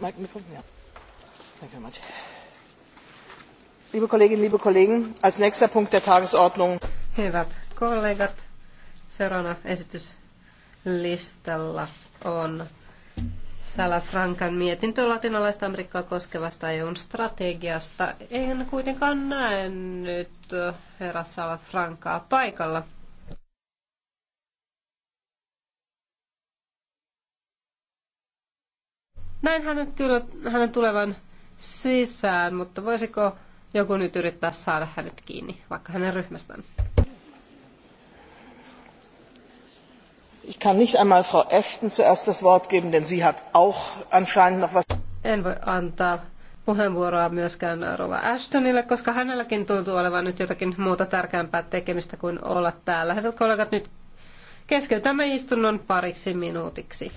microphone? Yeah. Thank you much. Liebe Kolleginnen, liebe Kollegen, als nächster Punkt der Tagesordnung. Hyvät kollegat, seuraavana esityslistalla on Salafrankan mietintö latinalaista Amerikkaa koskevasta EUn strategiasta. En kuitenkaan näe nyt herra Salafrankaa paikalla. Näin hänet kyllä, hänen tulevan sisään, mutta voisiko joku nyt yrittää saada hänet kiinni, vaikka hänen ryhmästään? Ich kann nicht einmal Frau Ashton zuerst das Wort geben, denn sie hat auch anscheinend noch was. En voi antaa puheenvuoroa myöskään Rova Ashtonille, koska hänelläkin tuntuu olevan nyt jotakin muuta tärkeämpää tekemistä kuin olla täällä. Hyvät kollegat, nyt keskeytämme istunnon pariksi minuutiksi.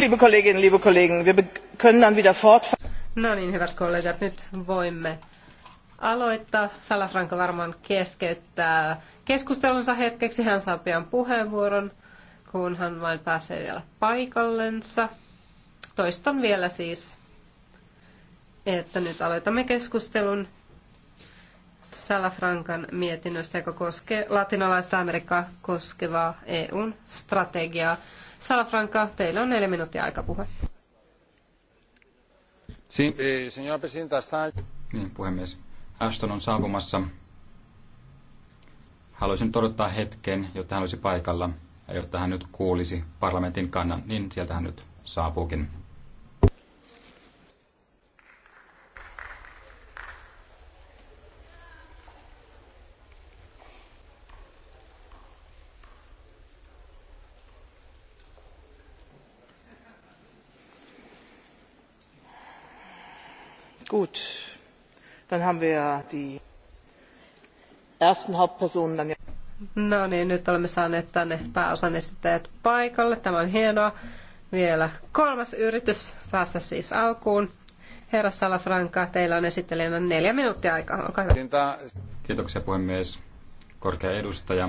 liebe Kolleginnen, liebe Kollegen, wir können dann wieder fortfahren. No niin, hyvät kollegat, nyt voimme aloittaa. Salafranka varmaan keskeyttää keskustelunsa hetkeksi. Hän saa pian puheenvuoron, kun hän vain pääsee vielä paikallensa. Toistan vielä siis, että nyt aloitamme keskustelun Salafrankan mietinnöstä, joka koskee latinalaista Amerikkaa koskevaa EUn strategiaa. Salafranca, teillä on neljä minuuttia aika puhua. Si, eh, signora Presidenta, Niin, puhemies. Ashton on saapumassa. Haluaisin odottaa hetken, jotta hän olisi paikalla ja jotta hän nyt kuulisi parlamentin kannan, niin sieltä hän nyt saapuukin. Gut, dann haben wir die ersten Hauptpersonen dann. No niin, nyt olemme saaneet tänne pääosan esittäjät paikalle. Tämä on hienoa. Vielä kolmas yritys päästä siis alkuun. Herra Salafranca, teillä on esittelijänä neljä minuuttia aikaa. Olkaa hyvä. Kiitoksia puhemies, korkea edustaja.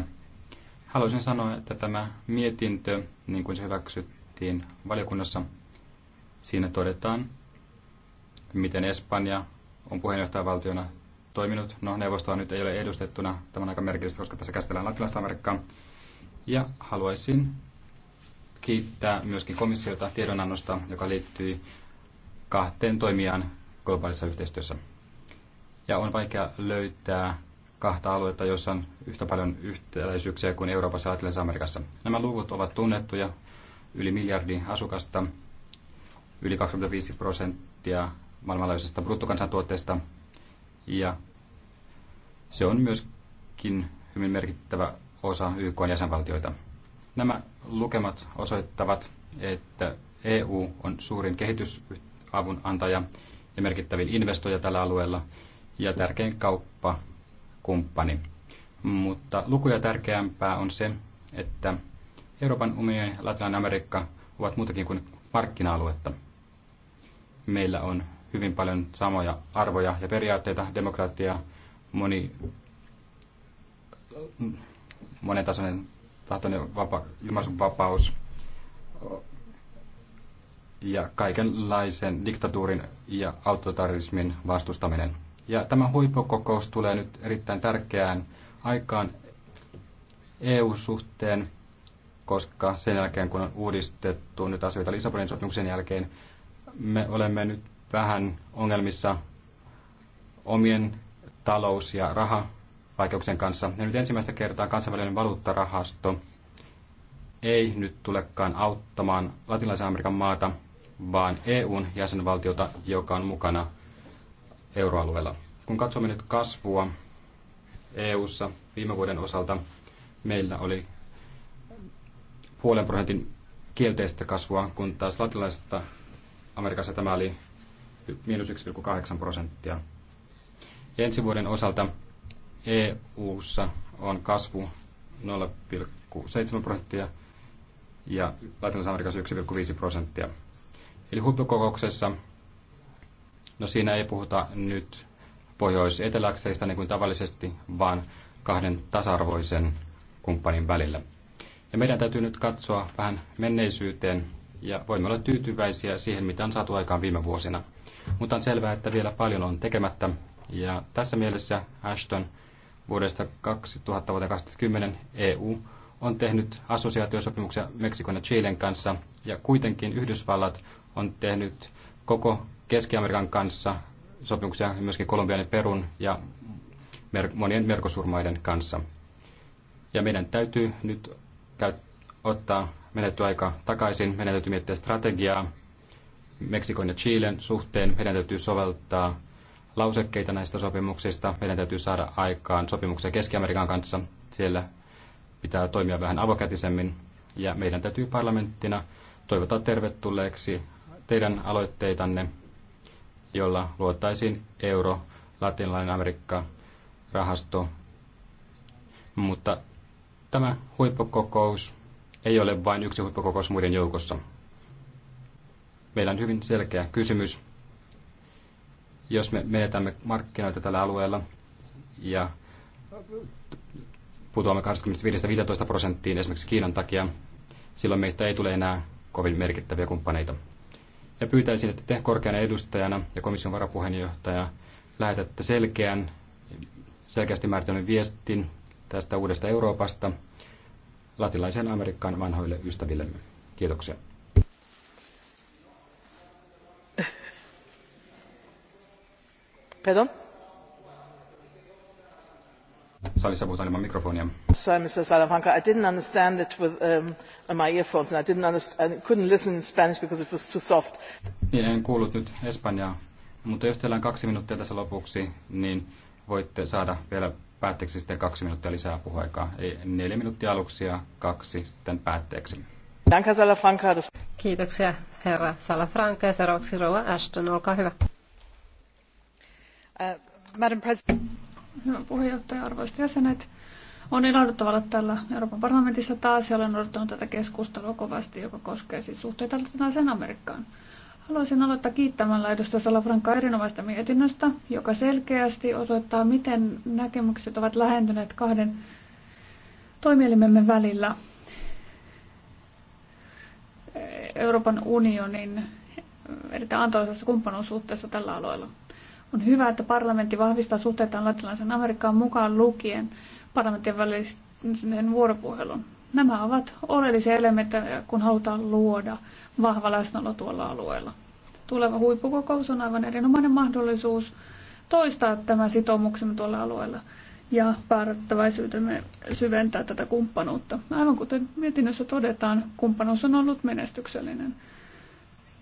Haluaisin sanoa, että tämä mietintö, niin kuin se hyväksyttiin valiokunnassa, siinä todetaan, miten Espanja on puheenjohtajavaltiona toiminut. No, neuvostoa nyt ei ole edustettuna. Tämä on aika merkillistä, koska tässä käsitellään Latinalaista Amerikkaa. Ja haluaisin kiittää myöskin komissiota tiedonannosta, joka liittyy kahteen toimijaan globaalissa yhteistyössä. Ja on vaikea löytää kahta aluetta, joissa on yhtä paljon yhtäläisyyksiä kuin Euroopassa ja Latinalaisessa Amerikassa. Nämä luvut ovat tunnettuja. Yli miljardi asukasta, yli 25 prosenttia maailmanlaajuisesta bruttokansantuotteesta. Ja se on myöskin hyvin merkittävä osa YK jäsenvaltioita. Nämä lukemat osoittavat, että EU on suurin kehitysavun antaja ja merkittävin investoija tällä alueella ja tärkein kauppakumppani. Mutta lukuja tärkeämpää on se, että Euroopan unioni ja Latinalainen Amerikka ovat muutakin kuin markkina-aluetta. Meillä on hyvin paljon samoja arvoja ja periaatteita, demokratia, moni, tasoinen tahtoinen vapa, ilmaisunvapaus ja kaikenlaisen diktatuurin ja autoritarismin vastustaminen. Ja tämä huippukokous tulee nyt erittäin tärkeään aikaan EU-suhteen, koska sen jälkeen kun on uudistettu nyt asioita Lissabonin sopimuksen jälkeen, me olemme nyt vähän ongelmissa omien talous- ja rahavaikeuksien kanssa. Ja nyt ensimmäistä kertaa kansainvälinen valuuttarahasto ei nyt tulekaan auttamaan latinalaisen Amerikan maata, vaan EUn jäsenvaltiota, joka on mukana euroalueella. Kun katsomme nyt kasvua EUssa viime vuoden osalta, meillä oli puolen prosentin kielteistä kasvua, kun taas latinalaisesta Amerikassa tämä oli miinus 1,8 prosenttia. ensi vuoden osalta EU:ssa on kasvu 0,7 prosenttia ja Latinalaisessa Amerikassa 1,5 prosenttia. Eli huippukokouksessa, no siinä ei puhuta nyt pohjois-eteläkseistä niin kuin tavallisesti, vaan kahden tasa-arvoisen kumppanin välillä. Ja meidän täytyy nyt katsoa vähän menneisyyteen ja voimme olla tyytyväisiä siihen, mitä on saatu aikaan viime vuosina. Mutta on selvää, että vielä paljon on tekemättä. Ja tässä mielessä Ashton vuodesta 2010 EU on tehnyt assosiaatiosopimuksia Meksikon ja Chilen kanssa, ja kuitenkin Yhdysvallat on tehnyt koko Keski-Amerikan kanssa sopimuksia myöskin Kolumbian ja Perun ja monien merkosurmaiden kanssa. Ja meidän täytyy nyt ottaa menetty aika takaisin, meidän täytyy miettiä strategiaa, Meksikon ja Chilen suhteen. Meidän täytyy soveltaa lausekkeita näistä sopimuksista. Meidän täytyy saada aikaan sopimuksia Keski-Amerikan kanssa. Siellä pitää toimia vähän avokätisemmin. Ja meidän täytyy parlamenttina toivottaa tervetulleeksi teidän aloitteitanne, jolla luottaisiin euro, latinalainen Amerikka, rahasto. Mutta tämä huippukokous ei ole vain yksi huippukokous muiden joukossa. Meillä on hyvin selkeä kysymys. Jos me menetämme markkinoita tällä alueella ja putoamme 25-15 prosenttiin esimerkiksi Kiinan takia, silloin meistä ei tule enää kovin merkittäviä kumppaneita. Ja pyytäisin, että te korkeana edustajana ja komission varapuheenjohtaja lähetätte selkeän, selkeästi määritelmän viestin tästä uudesta Euroopasta latinalaiseen Amerikkaan vanhoille ystävillemme. Kiitoksia. Pardon? Sorry, Mr. Salamanca, I didn't understand it with um, my earphones and I didn't understand, I couldn't listen in Spanish because it was too soft. Niin, en kuullut nyt espanjaa, mutta jos teillä on kaksi minuuttia tässä lopuksi, niin voitte saada vielä päätteeksi sitten kaksi minuuttia lisää puheaikaa. neljä minuuttia aluksi ja kaksi sitten päätteeksi. Kiitoksia herra Salafranca ja seuraavaksi rouva Ashton, olkaa hyvä. Uh, Hyvä puheenjohtaja, arvoisat jäsenet. On ilahduttava olla täällä Euroopan parlamentissa taas ja olen odottanut tätä keskustelua kovasti, joka koskee siis suhteita Latinalaiseen Amerikkaan. Haluaisin aloittaa kiittämällä edustaja Salafranca erinomaista mietinnöstä, joka selkeästi osoittaa, miten näkemykset ovat lähentyneet kahden toimielimemme välillä. Euroopan unionin erittäin antoisessa kumppanuussuhteessa tällä alueella. On hyvä, että parlamentti vahvistaa suhteitaan latinalaisen Amerikkaan mukaan lukien parlamentin välisen vuoropuhelun. Nämä ovat oleellisia elementtejä, kun halutaan luoda vahva läsnäolo tuolla alueella. Tuleva huippukokous on aivan erinomainen mahdollisuus toistaa tämä sitoumuksemme tuolla alueella ja päättäväisyytemme syventää tätä kumppanuutta. Aivan kuten mietinnössä todetaan, kumppanuus on ollut menestyksellinen.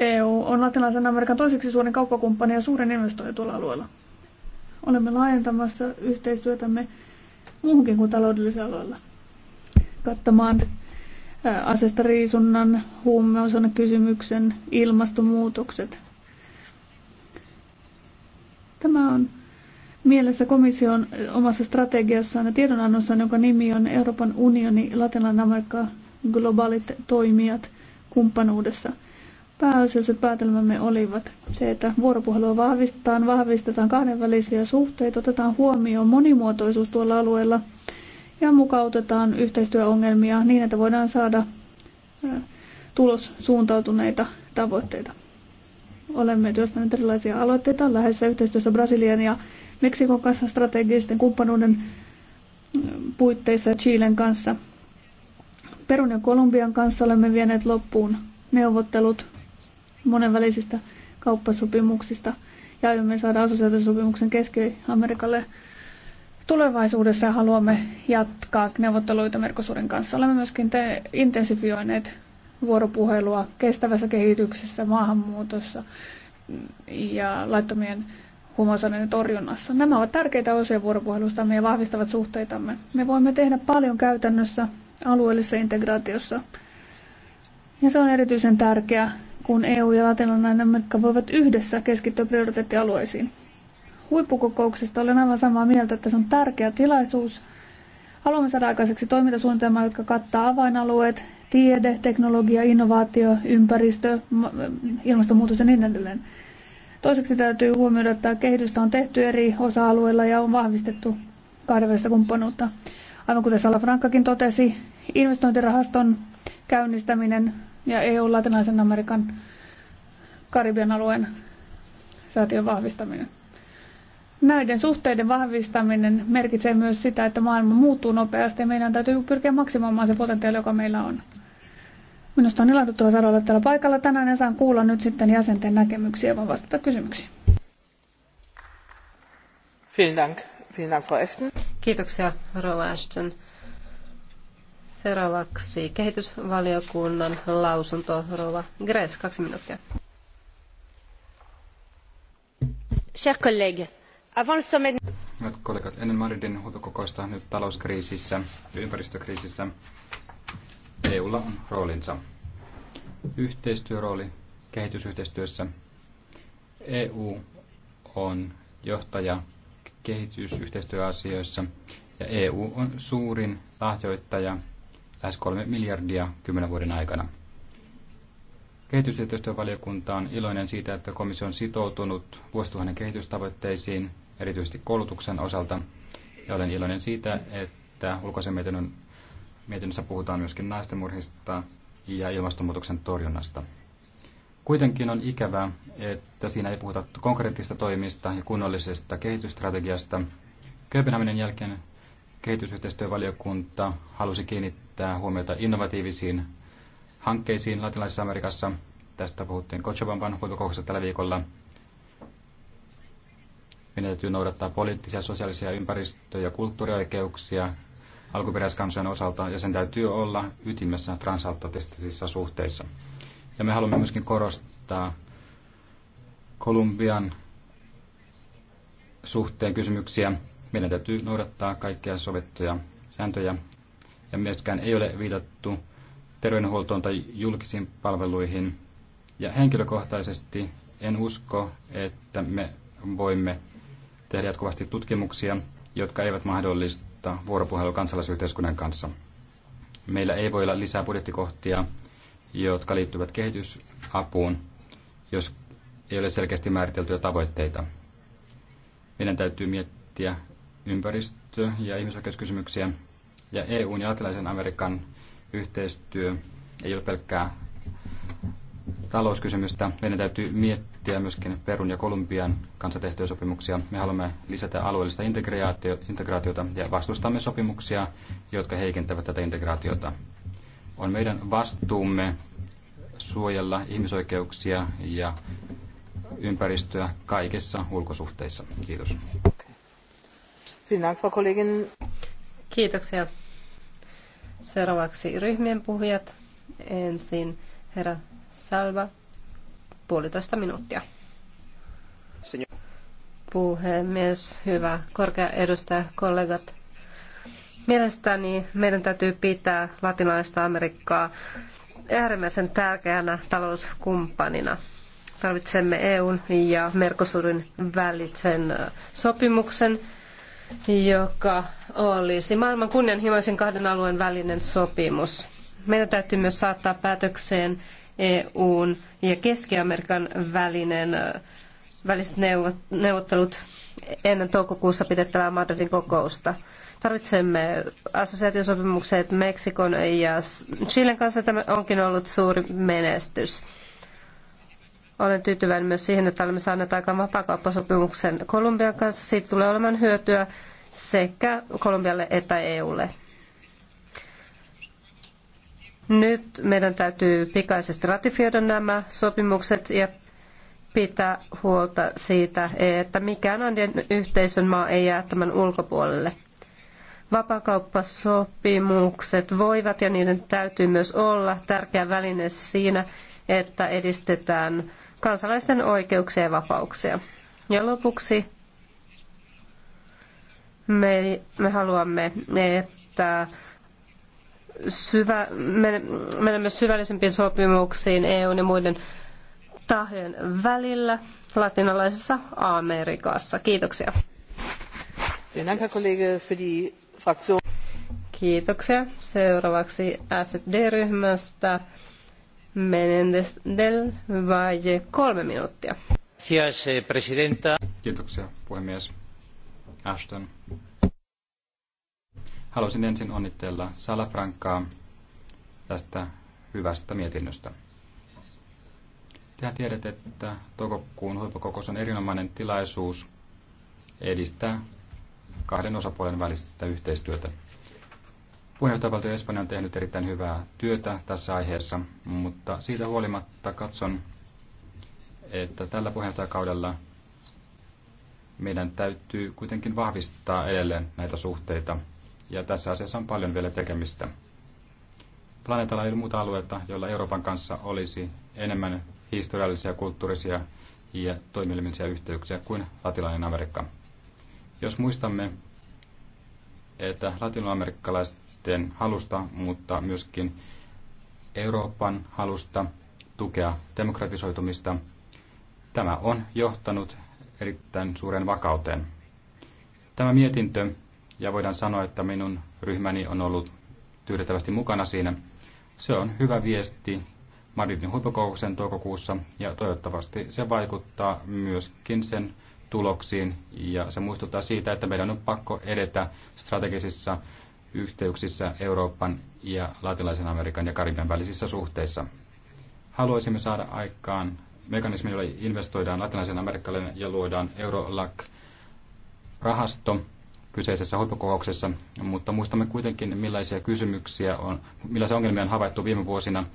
EU on Latinalaisen Amerikan toiseksi suurin kauppakumppani ja suurin investoija tuolla alueella. Olemme laajentamassa yhteistyötämme muuhunkin kuin taloudellisella alueella kattamaan asesta riisunnan, kysymyksen ilmastonmuutokset. Tämä on mielessä komission omassa strategiassaan ja tiedonannossaan, jonka nimi on Euroopan unioni, Latinalainen Amerikka, globaalit toimijat kumppanuudessa – pääasiassa päätelmämme olivat se, että vuoropuhelua vahvistetaan, vahvistetaan kahdenvälisiä suhteita, otetaan huomioon monimuotoisuus tuolla alueella ja mukautetaan yhteistyöongelmia niin, että voidaan saada tulos suuntautuneita tavoitteita. Olemme työstäneet erilaisia aloitteita lähes yhteistyössä Brasilian ja Meksikon kanssa strategisten kumppanuuden puitteissa Chilen kanssa. Perun ja Kolumbian kanssa olemme vieneet loppuun neuvottelut monenvälisistä kauppasopimuksista ja aiomme saada assosiaatiosopimuksen Keski-Amerikalle tulevaisuudessa ja haluamme jatkaa neuvotteluita Merkosurin kanssa. Olemme myöskin te- intensifioineet vuoropuhelua kestävässä kehityksessä, maahanmuutossa ja laittomien huumausaineiden torjunnassa. Nämä ovat tärkeitä osia vuoropuhelusta, ja vahvistavat suhteitamme. Me voimme tehdä paljon käytännössä alueellisessa integraatiossa. Ja se on erityisen tärkeää kun EU ja Latinalainen Amerikka voivat yhdessä keskittyä prioriteettialueisiin. Huippukokouksesta olen aivan samaa mieltä, että se on tärkeä tilaisuus. Haluamme saada aikaiseksi toimintasuunnitelmaa, jotka kattaa avainalueet, tiede, teknologia, innovaatio, ympäristö, ilmastonmuutos ja niin edelleen. Toiseksi täytyy huomioida, että kehitystä on tehty eri osa-alueilla ja on vahvistettu kahdenvälistä kumppanuutta. Aivan kuten Salafrankkakin totesi, investointirahaston käynnistäminen ja EU-Latinalaisen Amerikan Karibian alueen säätiön vahvistaminen. Näiden suhteiden vahvistaminen merkitsee myös sitä, että maailma muuttuu nopeasti ja meidän täytyy pyrkiä maksimoimaan se potentiaali, joka meillä on. Minusta on ilahduttava saada olla täällä paikalla tänään ja saan kuulla nyt sitten jäsenten näkemyksiä ja vastata kysymyksiin. Vielen Dank. Vielen Dank, Frau Kiitoksia, Rova Ashton. Seuraavaksi kehitysvaliokunnan lausunto Rova Gres, kaksi minuuttia. Chers collègues, avant le sommet... Hyvät kollegat, ennen Madridin huippukokousta nyt talouskriisissä, ympäristökriisissä, EUlla on roolinsa. Yhteistyörooli kehitysyhteistyössä. EU on johtaja kehitysyhteistyöasioissa ja EU on suurin lahjoittaja lähes kolme miljardia kymmenen vuoden aikana. Kehitysyhteistyövaliokunta on iloinen siitä, että komissio on sitoutunut vuosituhannen kehitystavoitteisiin, erityisesti koulutuksen osalta, ja olen iloinen siitä, että ulkoisen mietinnön, mietinnössä puhutaan myöskin murhista ja ilmastonmuutoksen torjunnasta. Kuitenkin on ikävää, että siinä ei puhuta konkreettisista toimista ja kunnollisesta kehitysstrategiasta. Kööpenhaminen jälkeen Kehitysyhteistyövaliokunta halusi kiinnittää huomiota innovatiivisiin hankkeisiin Latinalaisessa Amerikassa. Tästä puhuttiin Cochabamban huippukokouksessa tällä viikolla. Meidän täytyy noudattaa poliittisia, sosiaalisia, ympäristö- ja kulttuurioikeuksia alkuperäiskansojen osalta, ja sen täytyy olla ytimessä transatlanttisissa suhteissa. Ja me haluamme myöskin korostaa Kolumbian suhteen kysymyksiä. Meidän täytyy noudattaa kaikkia sovittuja sääntöjä. Ja myöskään ei ole viitattu terveydenhuoltoon tai julkisiin palveluihin. Ja henkilökohtaisesti en usko, että me voimme tehdä jatkuvasti tutkimuksia, jotka eivät mahdollista vuoropuhelua kansalaisyhteiskunnan kanssa. Meillä ei voi olla lisää budjettikohtia, jotka liittyvät kehitysapuun, jos ei ole selkeästi määriteltyjä tavoitteita. Meidän täytyy miettiä, ympäristö- ja ihmisoikeuskysymyksiä. Ja EUn ja Atlantin Amerikan yhteistyö ei ole pelkkää talouskysymystä. Meidän täytyy miettiä myöskin Perun ja Kolumbian kanssa tehtyjä sopimuksia. Me haluamme lisätä alueellista integraatio, integraatiota ja vastustamme sopimuksia, jotka heikentävät tätä integraatiota. On meidän vastuumme suojella ihmisoikeuksia ja ympäristöä kaikissa ulkosuhteissa. Kiitos. Kiitoksia. Seuraavaksi ryhmien puhujat. Ensin herra Salva, puolitoista minuuttia. Puhemies, hyvä korkea edustaja, kollegat. Mielestäni meidän täytyy pitää latinalaista Amerikkaa äärimmäisen tärkeänä talouskumppanina. Tarvitsemme EUn ja Mercosurin välisen sopimuksen, joka olisi maailman kunnianhimoisen kahden alueen välinen sopimus. Meidän täytyy myös saattaa päätökseen EUn ja Keski-Amerikan välinen, väliset neuvottelut ennen toukokuussa pidettävää Madridin kokousta. Tarvitsemme assosiaatiosopimukset Meksikon ja Chilen kanssa. Tämä onkin ollut suuri menestys. Olen tyytyväinen myös siihen, että olemme saaneet aikaan vapaakauppasopimuksen Kolumbian kanssa. Siitä tulee olemaan hyötyä sekä Kolumbialle että EUlle. Nyt meidän täytyy pikaisesti ratifioida nämä sopimukset ja pitää huolta siitä, että mikään Andien yhteisön maa ei jää tämän ulkopuolelle. Vapakauppasopimukset voivat ja niiden täytyy myös olla tärkeä väline siinä, että edistetään kansalaisten oikeuksia ja vapauksia. Ja lopuksi me, me haluamme, että syvä, me menemme syvällisempiin sopimuksiin EUn ja muiden tahojen välillä latinalaisessa Amerikassa. Kiitoksia. Kiitoksia. Seuraavaksi SD-ryhmästä Menendez del Valle, kolme minuuttia. Gracias, eh, presidenta. Kiitoksia, puhemies. Ashton. Haluaisin ensin onnitella Salafrankkaa tästä hyvästä mietinnöstä. Tehän tiedät, että toukokuun huippukokous on erinomainen tilaisuus edistää kahden osapuolen välistä yhteistyötä. Puheenjohtajavaltio Espanja on tehnyt erittäin hyvää työtä tässä aiheessa, mutta siitä huolimatta katson, että tällä puheenjohtajakaudella meidän täytyy kuitenkin vahvistaa edelleen näitä suhteita, ja tässä asiassa on paljon vielä tekemistä. Planeetalla ei ole muuta aluetta, jolla Euroopan kanssa olisi enemmän historiallisia, kulttuurisia ja toimielimisiä yhteyksiä kuin latinalainen Amerikka. Jos muistamme, että latinalaiset jäsenvaltioiden halusta, mutta myöskin Euroopan halusta tukea demokratisoitumista. Tämä on johtanut erittäin suuren vakauteen. Tämä mietintö, ja voidaan sanoa, että minun ryhmäni on ollut tyydyttävästi mukana siinä, se on hyvä viesti Madridin huippukokouksen toukokuussa ja toivottavasti se vaikuttaa myöskin sen tuloksiin ja se muistuttaa siitä, että meidän on pakko edetä strategisissa yhteyksissä Euroopan ja Latinalaisen Amerikan ja Karibian välisissä suhteissa. Haluaisimme saada aikaan mekanismi, jolla investoidaan Latinalaisen Amerikalle ja luodaan Eurolac-rahasto kyseisessä huippukokouksessa, mutta muistamme kuitenkin, millaisia kysymyksiä on, millaisia ongelmia on havaittu viime vuosina,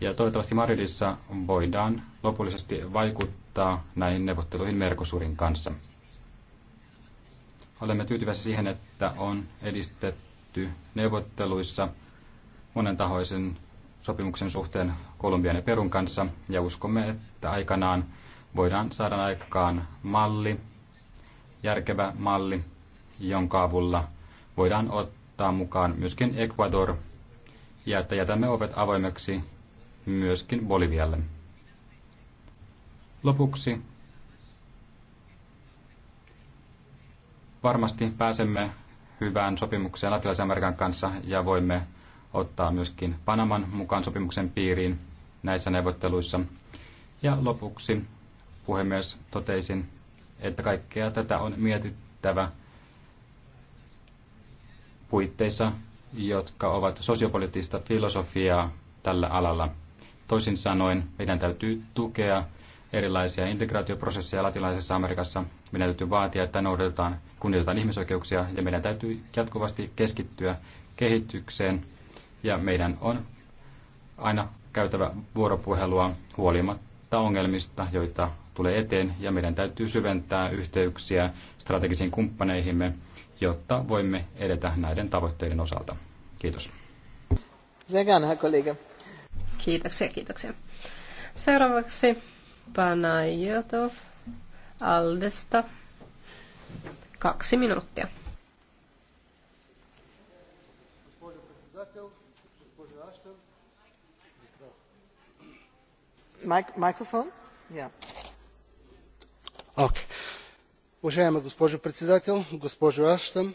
ja toivottavasti Madridissa voidaan lopullisesti vaikuttaa näihin neuvotteluihin Mercosurin kanssa. Olemme tyytyväisiä siihen, että on edistetty tehty neuvotteluissa monentahoisen sopimuksen suhteen Kolumbian ja Perun kanssa ja uskomme, että aikanaan voidaan saada aikaan malli, järkevä malli, jonka avulla voidaan ottaa mukaan myöskin Ecuador ja että jätämme ovet avoimeksi myöskin Bolivialle. Lopuksi varmasti pääsemme hyvään sopimukseen Latinalaisen Amerikan kanssa ja voimme ottaa myöskin Panaman mukaan sopimuksen piiriin näissä neuvotteluissa. Ja lopuksi puhemies totesin, että kaikkea tätä on mietittävä puitteissa, jotka ovat sosiopoliittista filosofiaa tällä alalla. Toisin sanoen, meidän täytyy tukea erilaisia integraatioprosesseja latinalaisessa Amerikassa. Meidän täytyy vaatia, että noudatetaan, kunnioitetaan ihmisoikeuksia ja meidän täytyy jatkuvasti keskittyä kehitykseen ja meidän on aina käytävä vuoropuhelua huolimatta ongelmista, joita tulee eteen ja meidän täytyy syventää yhteyksiä strategisiin kumppaneihimme, jotta voimme edetä näiden tavoitteiden osalta. Kiitos. Sehr gerne, Kiitoksia, kiitoksia. Seuraavaksi Panajotov Aldesta. Kaksi minuuttia. Microphone? Yeah. Okay. Уважаема госпожо председател, госпожо Аштън.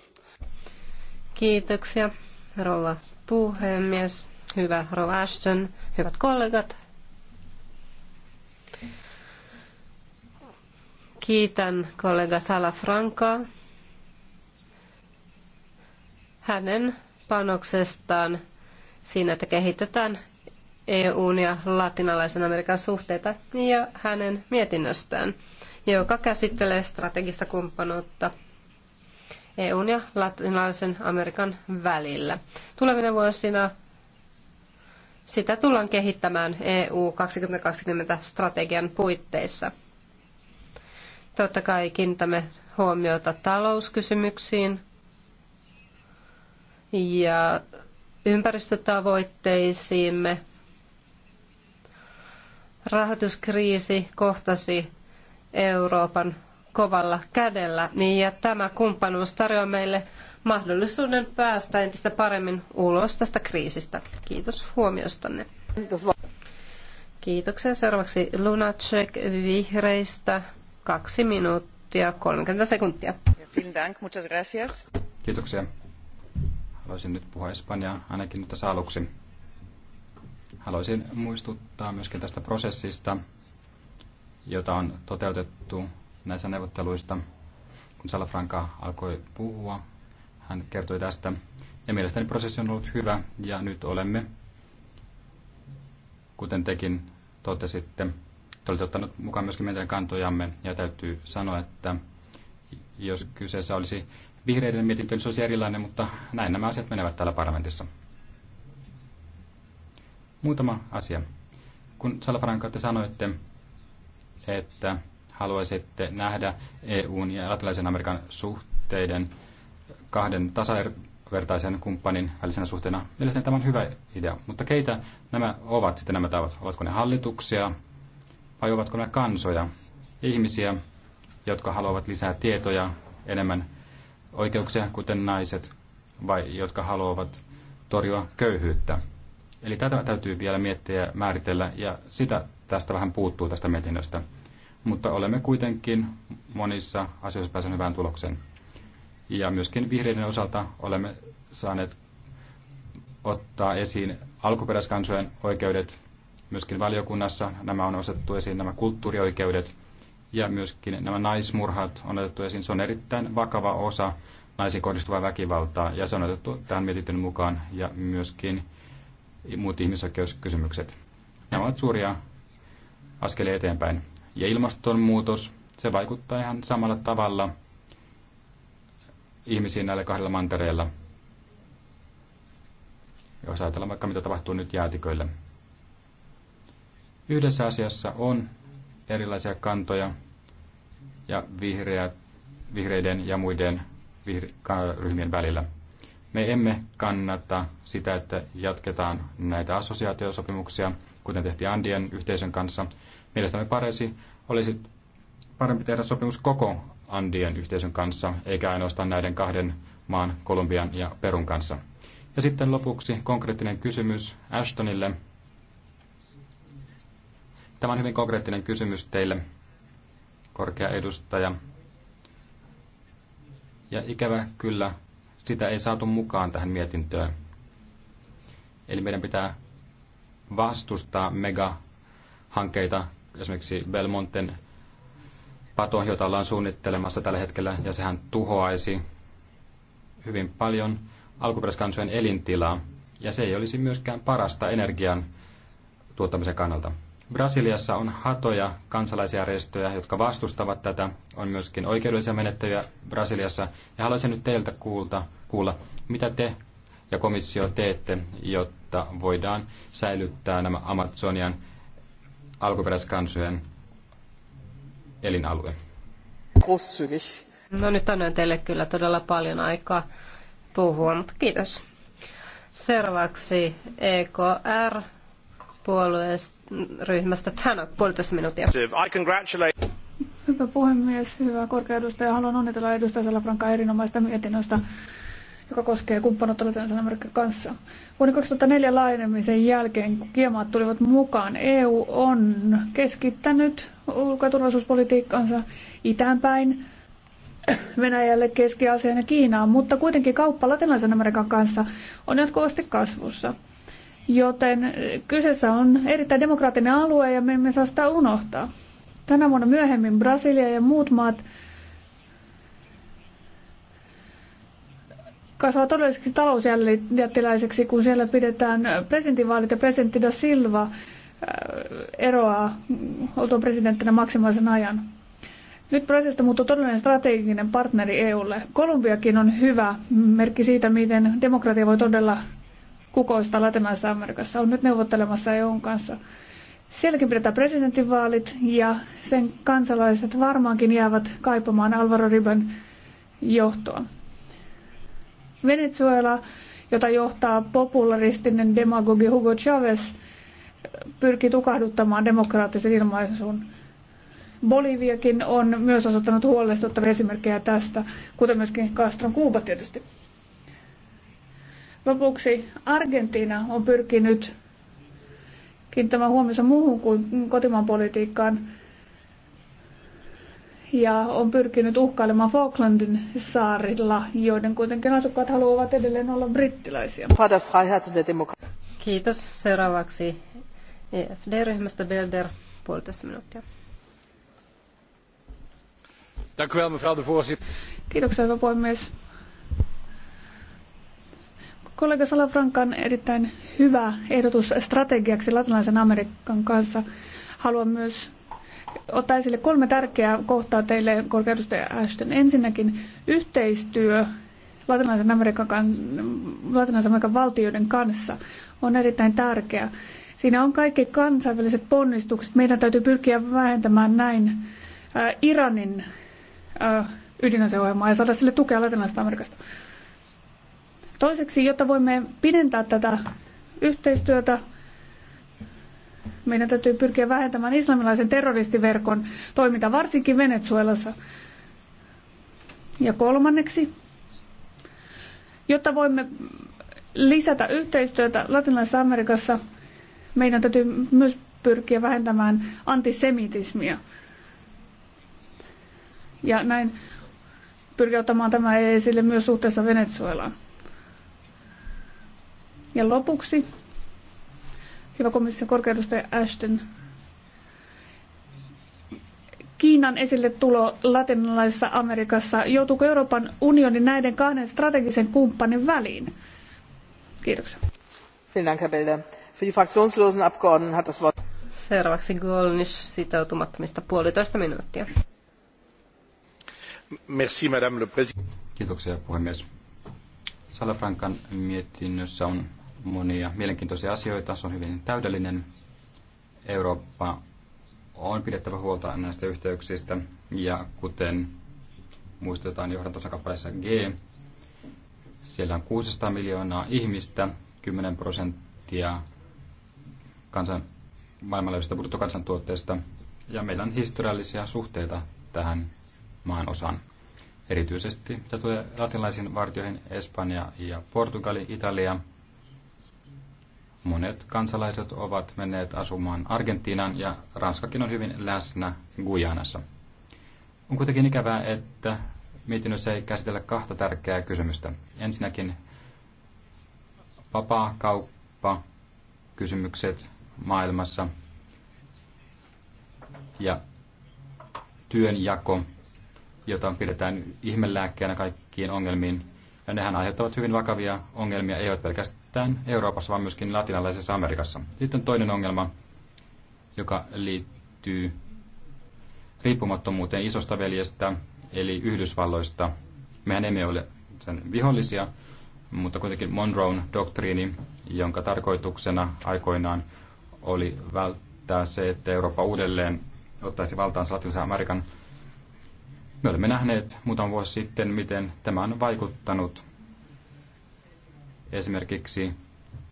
Kiitoksia, rouva puhemies, hyvä rouva Ashton, hyvät kollegat, Kiitän kollega Salafrankaa hänen panoksestaan siinä, että kehitetään EUn ja latinalaisen Amerikan suhteita ja hänen mietinnöstään, joka käsittelee strategista kumppanuutta EUn ja latinalaisen Amerikan välillä. Tulevina vuosina sitä tullaan kehittämään EU 2020 strategian puitteissa. Totta kai kiinnitämme huomiota talouskysymyksiin ja ympäristötavoitteisiimme. Rahoituskriisi kohtasi Euroopan kovalla kädellä, niin ja tämä kumppanuus tarjoaa meille mahdollisuuden päästä entistä paremmin ulos tästä kriisistä. Kiitos huomiostanne. Kiitoksia. Seuraavaksi Lunacek vihreistä. Kaksi minuuttia, 30 sekuntia. Kiitoksia. Haluaisin nyt puhua Espanjaa ainakin nyt tässä aluksi. Haluaisin muistuttaa myöskin tästä prosessista, jota on toteutettu näissä neuvotteluista. Kun Salafranca alkoi puhua, hän kertoi tästä. Ja mielestäni prosessi on ollut hyvä ja nyt olemme, kuten tekin totesitte, te olette ottanut mukaan myöskin meidän kantojamme ja täytyy sanoa, että jos kyseessä olisi vihreiden mietintö, niin se olisi erilainen, mutta näin nämä asiat menevät täällä parlamentissa. Muutama asia. Kun Salafranka te sanoitte, että haluaisitte nähdä EUn ja Latinalaisen Amerikan suhteiden kahden tasavertaisen kumppanin välisenä suhteena. Mielestäni tämä on hyvä idea, mutta keitä nämä ovat sitten nämä tavat? Ovatko ne hallituksia, vai ovatko nämä kansoja, ihmisiä, jotka haluavat lisää tietoja, enemmän oikeuksia, kuten naiset, vai jotka haluavat torjua köyhyyttä. Eli tätä täytyy vielä miettiä ja määritellä, ja sitä tästä vähän puuttuu tästä mietinnöstä. Mutta olemme kuitenkin monissa asioissa päässeet hyvään tulokseen. Ja myöskin vihreiden osalta olemme saaneet ottaa esiin alkuperäiskansojen oikeudet myöskin valiokunnassa nämä on osettu esiin, nämä kulttuurioikeudet ja myöskin nämä naismurhat on otettu esiin. Se on erittäin vakava osa naisiin kohdistuvaa väkivaltaa ja se on otettu tämän mietityn mukaan ja myöskin muut ihmisoikeuskysymykset. Nämä ovat suuria askelia eteenpäin. Ja ilmastonmuutos, se vaikuttaa ihan samalla tavalla ihmisiin näillä kahdella mantereella. Jos ajatellaan vaikka mitä tapahtuu nyt jäätiköillä. Yhdessä asiassa on erilaisia kantoja ja vihreät, vihreiden ja muiden vihre- ryhmien välillä. Me emme kannata sitä, että jatketaan näitä assosiaatiosopimuksia, kuten tehtiin Andien yhteisön kanssa. Mielestäni parempi olisi parempi tehdä sopimus koko Andien yhteisön kanssa, eikä ainoastaan näiden kahden maan, Kolumbian ja Perun kanssa. Ja sitten lopuksi konkreettinen kysymys Ashtonille Tämä on hyvin konkreettinen kysymys teille, korkea edustaja. Ja ikävä kyllä, sitä ei saatu mukaan tähän mietintöön. Eli meidän pitää vastustaa megahankkeita, esimerkiksi Belmonten pato, jota ollaan suunnittelemassa tällä hetkellä, ja sehän tuhoaisi hyvin paljon alkuperäiskansojen elintilaa, ja se ei olisi myöskään parasta energian tuottamisen kannalta. Brasiliassa on hatoja kansalaisjärjestöjä, jotka vastustavat tätä. On myöskin oikeudellisia menettelyjä Brasiliassa. Ja haluaisin nyt teiltä kuulta, kuulla, mitä te ja komissio teette, jotta voidaan säilyttää nämä Amazonian alkuperäiskansojen elinalue. No nyt annoin teille kyllä todella paljon aikaa puhua, mutta kiitos. Seuraavaksi EKR puolueesta Tanok, puolitoista minuuttia. Hyvä puhemies, hyvä korkea edustaja. Haluan onnitella edustaja Salafrankaa erinomaista mietinnöstä joka koskee kumppanuutta Latinalaisen Amerikan kanssa. Vuoden 2004 laajenemisen jälkeen, kun kiemaat tulivat mukaan, EU on keskittänyt ulko- ja turvallisuuspolitiikkansa itään päin, Venäjälle, Keski-Aasiaan ja Kiinaan, mutta kuitenkin kauppa Latinalaisen Amerikan kanssa on jatkuvasti kasvussa. Joten kyseessä on erittäin demokraattinen alue ja me emme saa sitä unohtaa. Tänä vuonna myöhemmin Brasilia ja muut maat kasvaa todelliseksi talousjättiläiseksi, kun siellä pidetään presidentinvaalit ja presidentti da Silva äh, eroaa oltuun presidenttinä maksimaalisen ajan. Nyt Brasilista muuttuu todellinen strateginen partneri EUlle. Kolumbiakin on hyvä merkki siitä, miten demokratia voi todella kukoista Latinalaisessa Amerikassa on nyt neuvottelemassa EUn kanssa. Sielläkin pidetään presidentinvaalit ja sen kansalaiset varmaankin jäävät kaipamaan Alvaro Riben johtoa. Venezuela, jota johtaa popularistinen demagogi Hugo Chavez, pyrki tukahduttamaan demokraattisen ilmaisun. Boliviakin on myös osoittanut huolestuttavia esimerkkejä tästä, kuten myöskin Castron Kuuba tietysti. Lopuksi Argentiina on pyrkinyt kiinnittämään huomioon muuhun kuin kotimaan politiikkaan ja on pyrkinyt uhkailemaan Falklandin saarilla, joiden kuitenkin asukkaat haluavat edelleen olla brittiläisiä. Kiitos. Seuraavaksi EFD-ryhmästä Belder, puolitoista minuuttia. Kiitoksia, hyvä puhemies. Kollega Salafrankan erittäin hyvä ehdotus strategiaksi Latinalaisen Amerikan kanssa. Haluan myös ottaa esille kolme tärkeää kohtaa teille, korkeudustaja Ashton. Ensinnäkin yhteistyö Latinalaisen Amerikan, Latinalaisen Amerikan valtioiden kanssa on erittäin tärkeää. Siinä on kaikki kansainväliset ponnistukset. Meidän täytyy pyrkiä vähentämään näin Iranin ydinaseohjelmaa ja saada sille tukea Latinalaisesta Amerikasta. Toiseksi, jotta voimme pidentää tätä yhteistyötä, meidän täytyy pyrkiä vähentämään islamilaisen terroristiverkon toimintaa, varsinkin Venezuelassa. Ja kolmanneksi, jotta voimme lisätä yhteistyötä Latinalaisessa Amerikassa, meidän täytyy myös pyrkiä vähentämään antisemitismia. Ja näin pyrkiä ottamaan tämä esille myös suhteessa Venezuelaan. Ja lopuksi, hyvä komission korkeudustaja Ashton, Kiinan esille tulo latinalaisessa Amerikassa. Joutuuko Euroopan unioni näiden kahden strategisen kumppanin väliin? Kiitoksia. Vielen Dank, Herr Für die fraktionslosen Abgeordneten hat das Wort. Seuraavaksi Golnish sitoutumattomista puolitoista minuuttia. Merci, Madame le Président. Kiitoksia, puhemies. Salafrankan mietinnössä on monia mielenkiintoisia asioita. Se on hyvin täydellinen. Eurooppa on pidettävä huolta näistä yhteyksistä ja kuten muistetaan johdantosakappaleessa G, siellä on 600 miljoonaa ihmistä, 10 prosenttia kansan, maailmanlaajuisesta bruttokansantuotteesta ja meillä on historiallisia suhteita tähän maan osaan. Erityisesti tulee latinalaisiin vartioihin Espanja ja Portugali, Italia – Monet kansalaiset ovat menneet asumaan Argentiinaan ja Ranskakin on hyvin läsnä Gujanassa. On kuitenkin ikävää, että mietinnössä ei käsitellä kahta tärkeää kysymystä. Ensinnäkin vapaa kauppa, kysymykset maailmassa ja työnjako, jota pidetään ihmelääkkeenä kaikkiin ongelmiin, ja nehän aiheuttavat hyvin vakavia ongelmia, ole pelkästään Euroopassa, vaan myöskin latinalaisessa Amerikassa. Sitten toinen ongelma, joka liittyy riippumattomuuteen isosta veljestä, eli Yhdysvalloista. Mehän emme ole sen vihollisia, mutta kuitenkin Monroen doktriini, jonka tarkoituksena aikoinaan oli välttää se, että Eurooppa uudelleen ottaisi valtaansa Latinalaisen Amerikan me olemme nähneet muutama vuosi sitten, miten tämä on vaikuttanut esimerkiksi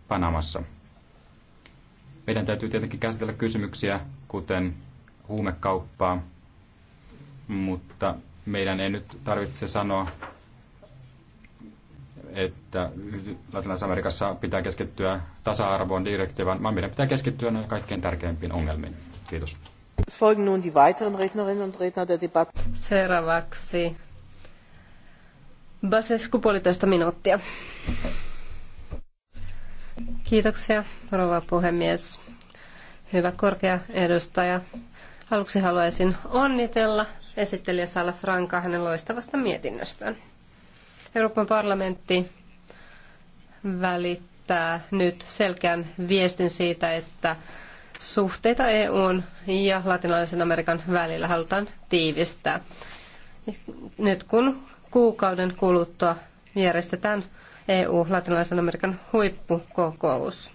Panamassa. Meidän täytyy tietenkin käsitellä kysymyksiä, kuten huumekauppaa, mutta meidän ei nyt tarvitse sanoa, että Latinalaisessa Amerikassa pitää keskittyä tasa-arvoon direktiivaan, vaan meidän pitää keskittyä näihin kaikkein tärkeimpiin ongelmiin. Kiitos. Seuraavaksi Kiitoksia, puhemies. Hyvä korkea edustaja. Aluksi haluaisin onnitella esittelijä Sala hänen loistavasta mietinnöstään. Euroopan parlamentti välittää nyt selkeän viestin siitä, että suhteita EUn ja latinalaisen Amerikan välillä halutaan tiivistää. Nyt kun kuukauden kuluttua järjestetään EU-latinalaisen Amerikan huippukokous.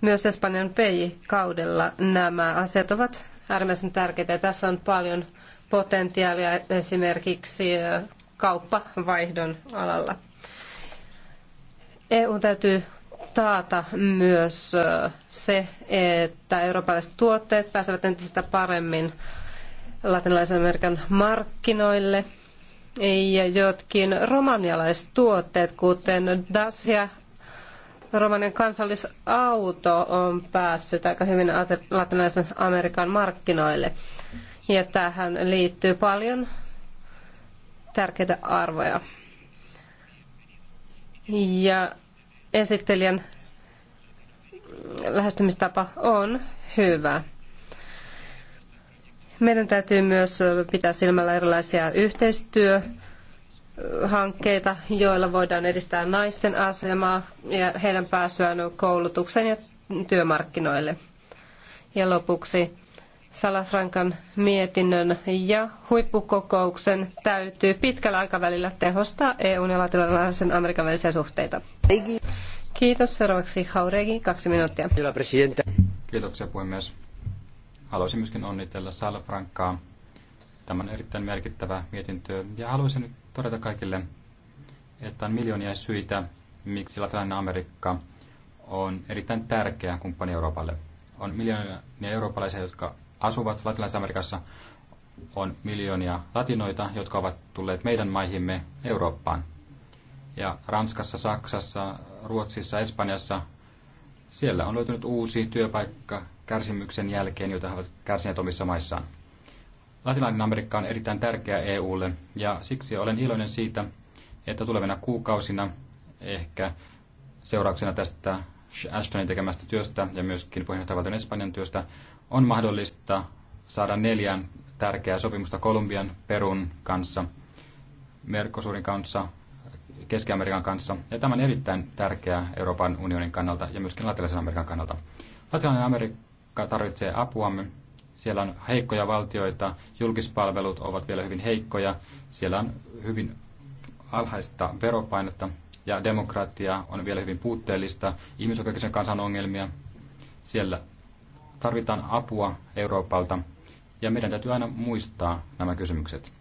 Myös Espanjan PEI-kaudella nämä asiat ovat äärimmäisen tärkeitä. Tässä on paljon potentiaalia esimerkiksi kauppavaihdon alalla. EU täytyy taata myös se, että eurooppalaiset tuotteet pääsevät entistä paremmin latinalaisen Amerikan markkinoille. Ja jotkin romanialaistuotteet, kuten Dacia, romanian kansallisauto, on päässyt aika hyvin latinalaisen Amerikan markkinoille. Ja tähän liittyy paljon tärkeitä arvoja. Ja esittelijän lähestymistapa on hyvä. Meidän täytyy myös pitää silmällä erilaisia yhteistyöhankkeita, joilla voidaan edistää naisten asemaa ja heidän pääsyään koulutukseen ja työmarkkinoille. Ja lopuksi Salafrankan mietinnön ja huippukokouksen täytyy pitkällä aikavälillä tehostaa EUn ja latinalaisen Amerikan välisiä suhteita. Kiitos. Seuraavaksi Hauregi, kaksi minuuttia. Kiitoksia puhemies. Haluaisin myöskin onnitella Salafrankkaa. Tämä on erittäin merkittävä mietintö ja haluaisin todeta kaikille, että on miljoonia syitä, miksi Latinalainen Amerikka on erittäin tärkeä kumppani Euroopalle. On miljoonia eurooppalaisia, jotka asuvat Latinalaisessa Amerikassa, on miljoonia latinoita, jotka ovat tulleet meidän maihimme Eurooppaan. Ja Ranskassa, Saksassa, Ruotsissa, Espanjassa, siellä on löytynyt uusi työpaikka kärsimyksen jälkeen, jota he ovat kärsineet omissa maissaan. Latinalainen Amerikka on erittäin tärkeä EUlle ja siksi olen iloinen siitä, että tulevina kuukausina ehkä seurauksena tästä Ashtonin tekemästä työstä ja myöskin puheenjohtajavaltion Espanjan työstä on mahdollista saada neljän tärkeää sopimusta Kolumbian, Perun kanssa, Mercosurin kanssa, Keski-Amerikan kanssa, ja tämä on erittäin tärkeää Euroopan unionin kannalta ja myöskin Latinalaisen Amerikan kannalta. Latinalainen Amerikka tarvitsee apuamme. Siellä on heikkoja valtioita, julkispalvelut ovat vielä hyvin heikkoja, siellä on hyvin alhaista veropainetta ja demokratia on vielä hyvin puutteellista, ihmisoikeuksien kansan ongelmia. Siellä tarvitaan apua Euroopalta ja meidän täytyy aina muistaa nämä kysymykset.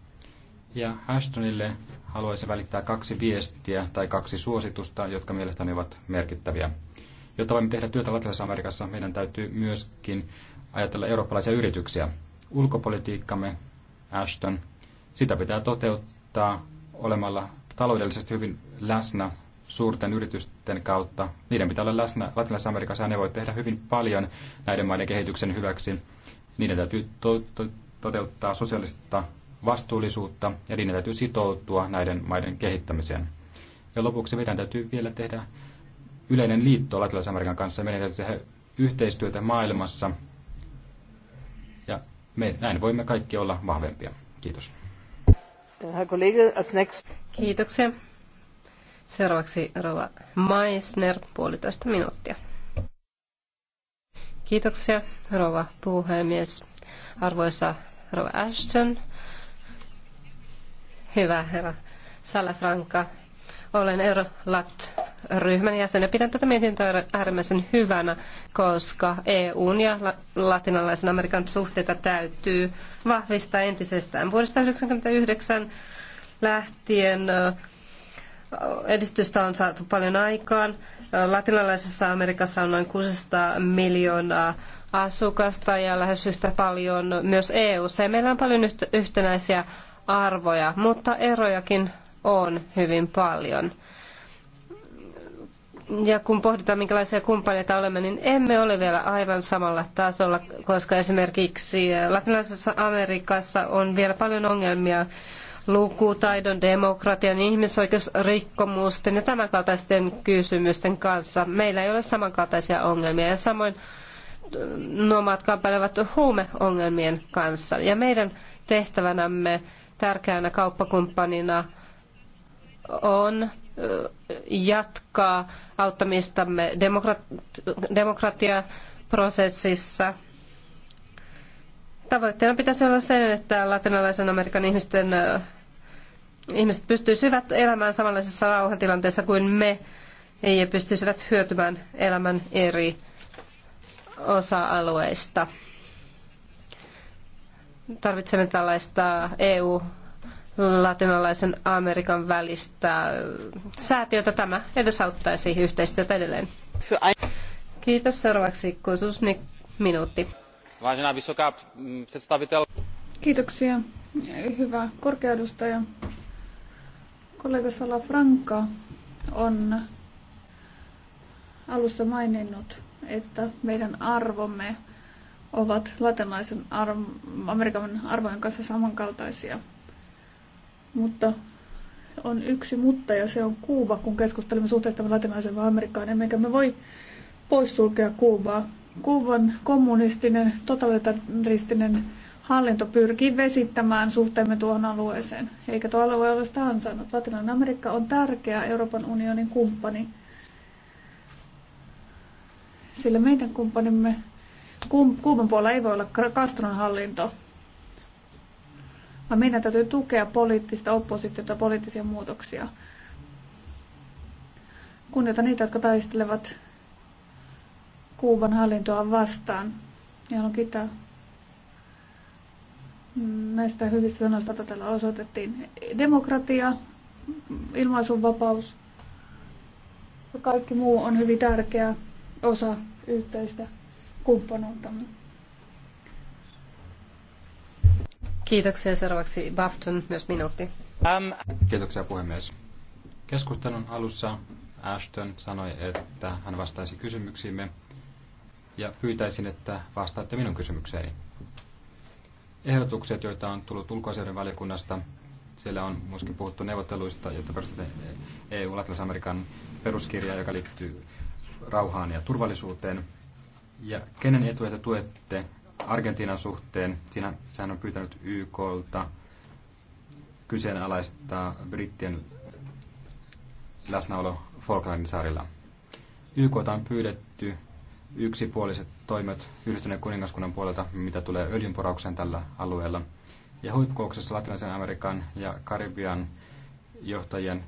Ja Ashtonille haluaisin välittää kaksi viestiä tai kaksi suositusta, jotka mielestäni ovat merkittäviä. Jotta voimme tehdä työtä Latinalaisessa Amerikassa, meidän täytyy myöskin ajatella eurooppalaisia yrityksiä. Ulkopolitiikkamme, Ashton, sitä pitää toteuttaa olemalla taloudellisesti hyvin läsnä suurten yritysten kautta. Niiden pitää olla läsnä Latinalaisessa Amerikassa ja ne voi tehdä hyvin paljon näiden maiden kehityksen hyväksi. Niiden täytyy to- to- toteuttaa sosiaalista vastuullisuutta ja niiden täytyy sitoutua näiden maiden kehittämiseen. Ja lopuksi meidän täytyy vielä tehdä yleinen liitto Latinalaisen Amerikan kanssa. Meidän täytyy tehdä yhteistyötä maailmassa ja me näin voimme kaikki olla vahvempia. Kiitos. Kiitoksia. Seuraavaksi Rova Meissner, puolitoista minuuttia. Kiitoksia, Rova puhemies. Arvoisa Rova Ashton, hyvä herra Salafranca, olen Eurolat-ryhmän jäsen ja pidän tätä mietintöä äärimmäisen hyvänä, koska EUn ja latinalaisen Amerikan suhteita täytyy vahvistaa entisestään. Vuodesta 1999 lähtien edistystä on saatu paljon aikaan. Latinalaisessa Amerikassa on noin 600 miljoonaa asukasta ja lähes yhtä paljon myös EU-ssa. Ja meillä on paljon yhtenäisiä arvoja, mutta erojakin on hyvin paljon. Ja kun pohditaan, minkälaisia kumppaneita olemme, niin emme ole vielä aivan samalla tasolla, koska esimerkiksi Latinalaisessa Amerikassa on vielä paljon ongelmia lukutaidon, demokratian, ihmisoikeusrikkomusten ja tämänkaltaisten kysymysten kanssa. Meillä ei ole samankaltaisia ongelmia ja samoin äh, nomat kamppailevat huumeongelmien kanssa. Ja meidän tehtävänämme tärkeänä kauppakumppanina on äh, jatkaa auttamistamme demokratiaprosessissa Tavoitteena pitäisi olla sen, että latinalaisen Amerikan ihmisten ihmiset pystyisivät elämään samanlaisessa rauhantilanteessa kuin me ja pystyisivät hyötymään elämän eri osa-alueista. Tarvitsemme tällaista EU latinalaisen Amerikan välistä säätiötä. Tämä edesauttaisi yhteistyötä edelleen. Kiitos. Seuraavaksi Kosusnik minuutti vážená vysoká představitel. Kiitoksia. Hyvä korkeudustaja. Kollega Salafranca on alussa maininnut, että meidän arvomme ovat latinalaisen arv- Amerikan arvojen kanssa samankaltaisia. Mutta on yksi mutta ja se on Kuuba, kun keskustelemme suhteestamme latinalaiseen Amerikkaan, emmekä me voi poissulkea Kuubaa Kuuban kommunistinen, totalitaristinen hallinto pyrkii vesittämään suhteemme tuohon alueeseen, eikä tuo alue ole sitä ansainnut. Latinalainen Amerikka on tärkeä Euroopan unionin kumppani, sillä meidän kumppanimme Kuuban puolella ei voi olla Castron hallinto, vaan meidän täytyy tukea poliittista oppositiota ja poliittisia muutoksia. Kunnioita niitä, jotka taistelevat Kuuban hallintoa vastaan. Ja on kiittää näistä hyvistä sanoista, joita täällä osoitettiin. Demokratia, ilmaisunvapaus ja kaikki muu on hyvin tärkeä osa yhteistä kumppanuutta. Kiitoksia. Seuraavaksi Bafton, myös minuutti. Ähm. Kiitoksia puhemies. Keskustelun alussa Ashton sanoi, että hän vastaisi kysymyksiimme ja pyytäisin, että vastaatte minun kysymykseeni. Ehdotukset, joita on tullut ulkoasioiden valiokunnasta, siellä on myöskin puhuttu neuvotteluista, jotta perustetaan eu latlas amerikan peruskirja, joka liittyy rauhaan ja turvallisuuteen. Ja kenen etuja te tuette Argentiinan suhteen? Siinä, sehän on pyytänyt YKlta kyseenalaistaa brittien läsnäolo Falklandin saarilla. YKta on pyydetty yksipuoliset toimet yhdistyneen kuningaskunnan puolelta, mitä tulee öljynporaukseen tällä alueella. Ja huippukouksessa Latinalaisen Amerikan ja Karibian johtajien